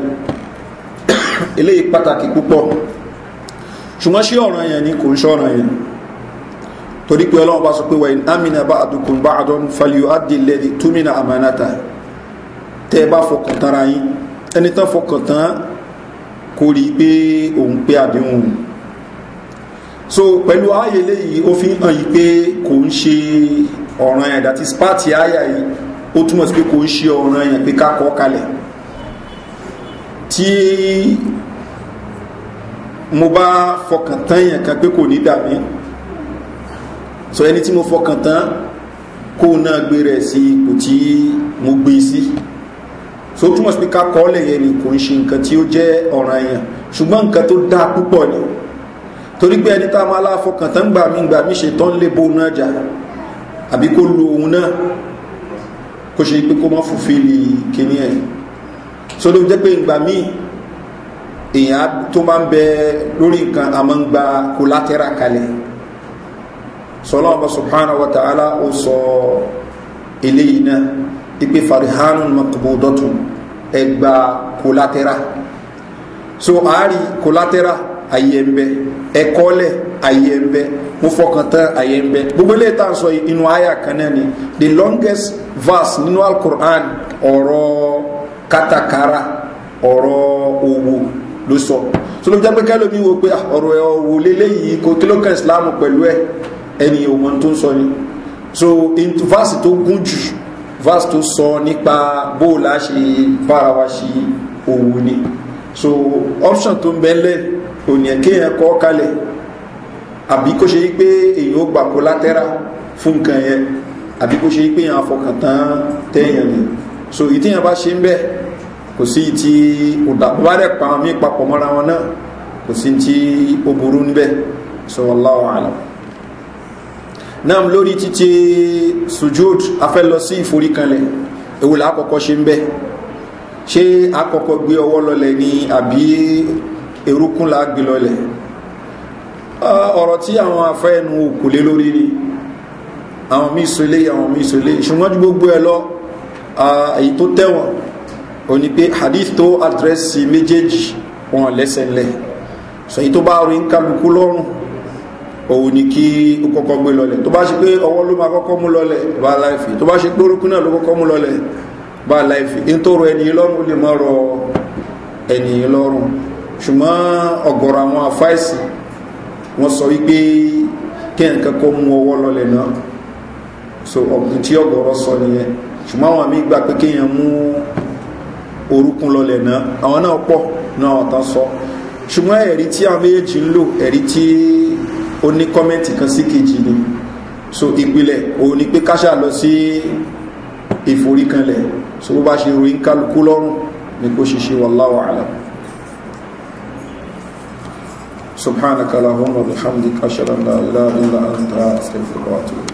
eléyìí pàtàkì púpọ̀ ṣùgbọ́n ṣé ọ̀ràn yẹn ni kò ń ṣọ̀ràn yẹn torí pé ọlọ́run bá sọ pé wà ní amina bá àdùkùn bá àdùn faliyo adìlẹ́dì túmínà àmànàtà tẹ́ ẹ bá fọkàn tán yín ẹni tán fọkàn kò rí pé òun pé àdéhùn so pẹ̀lú ayé léyìí ó fi hàn yìí pé kò ń ṣe ọ̀ràn yẹn dàtí spáàtì ayà yìí ó túmọ̀ sí pé kò ń ṣe ọ̀ràn yẹn pé ká kọ́ kalẹ̀ tí mo bá fọkàn tán yẹn kan pé kò ní dàbí sọ ẹni tí mo fọkàn kó náà gbé rẹ̀ sí ipò tí mo gbé e sí so túmọ̀ sí pé ká kọ́ lẹ̀ yẹn ni kò ń ṣe nǹkan tí ó jẹ́ ọ̀ràn yẹn ṣùgbọ́n nǹkan tó dáa púpọ̀ ni torí pé ẹni tá a máa láfọkàn tán gbà mí gbà mí ṣe tán lé bóun náà jà àbí kó lu òun náà kó ṣe pé kó má fòfin lè kíní ẹ̀ so ló jẹ́ pé ìgbà míì èèyàn tó máa ń bẹ lórí nǹkan a máa ń gba kòlátẹ́rà kalẹ̀ sọlá ọba subhana wa ta'ala ó sọ eléyìí náà ipe farihanu makubudotun ẹgba kòlátẹ́rà so àárí kòlátẹ́rà ayẹmbẹ ẹkọlẹ ayẹmbẹ mufọkàntán ayẹmbẹ gbogbo ilé tá à ń sọ yìí inú àyà kan náà ni the longest verse nínú alukur'an ọ̀rọ̀. Katakara ọ̀rọ̀ owó ló sọ tó ló jẹ́ pé kẹ́lómi wo pé ah, ọ̀rọ̀ owó léléyìí kò kí ló kẹ́ ìsìláàmù pẹ̀lú ẹ̀ ẹni òmò tó ń sọ ni so in verse tó gún jù verse tó sọ nípa bóòlà ṣe bára wa ṣe owó ni so option tó ń bẹ́lẹ̀ òní ẹ̀kéyàn kọ́ kalẹ̀ àbí kó ṣe pé èyàn ó gbà kó látẹ́ra fún nǹkan yẹn àbí kó ṣe pé èyàn afọkàntán tẹ́yàn ni so ìtìyàn bá ṣe ń bẹ́ kò sí ti òdàbọ̀bárẹ̀ pa mí papọ̀ mọ́ra wọn náà kò sí ti ó burú níbẹ̀ so wallahu alam náà lórí títí sujud afẹ́ lọ sí ìforíkanlẹ̀ èwo là á kọ́kọ́ ṣe ń bẹ́ ṣé a gbé ọwọ́ lọlẹ̀ ni àbí erukun la gbé lọlẹ̀ ọ̀rọ̀ tí àwọn afẹ́ ẹnu òkùlé lórí ni àwọn míì sọ eléyìí àwọn míì sọ ṣùgbọ́n ju gbogbo ẹ lọ èyí tó tẹ̀wọ̀n ò ní pé hadith tó àdírẹ́sì méjèèjì wọn lẹ́sẹ̀ ńlẹ̀ sọ èyí tó bá rí kálukú lọ́rùn òun ni kí ó kọ́kọ́ gbé lọlẹ̀ tó bá ṣe pé ọwọ́ ló máa kọ́kọ́ mú lọlẹ̀ bá láìfì tó bá ṣe pé orúkú náà ló kọ́kọ́ mú lọlẹ̀ bá láìfì ní tó rọ ẹni lọ́rùn ó lè má rọ ẹni lọ́rùn ṣùgbọ́n ọ̀gọ̀rọ̀ àwọn afáìsì wọ́n sọ wípé kí ẹnìkan kó mú ọwọ́ lọlẹ̀ náà so ọ̀gbìn tí ọ̀gọ̀rọ̀ sọ nìyẹn ṣùgbọ́n àwọn mi gbà pé kéèyàn mú orúkún lọlẹ̀ náà àwọn náà pọ̀ náà tán sọ ṣùgbọ́n ẹ̀rí tí àwọn méjèèjì ń lò ẹ̀rí tí ó ní kọ́mẹ́ǹtì kan sí kejì ni so ìpìlẹ̀ òun ni pé káṣà lọ sí ìforíkanlẹ̀ so bó bá ṣe ròyìn kálukú lọ́rùn ni kó ṣe ṣe wallahu alam subhanaka lahumma bihamdika ashhadu an la ilaha illa anta astaghfiruka wa atubu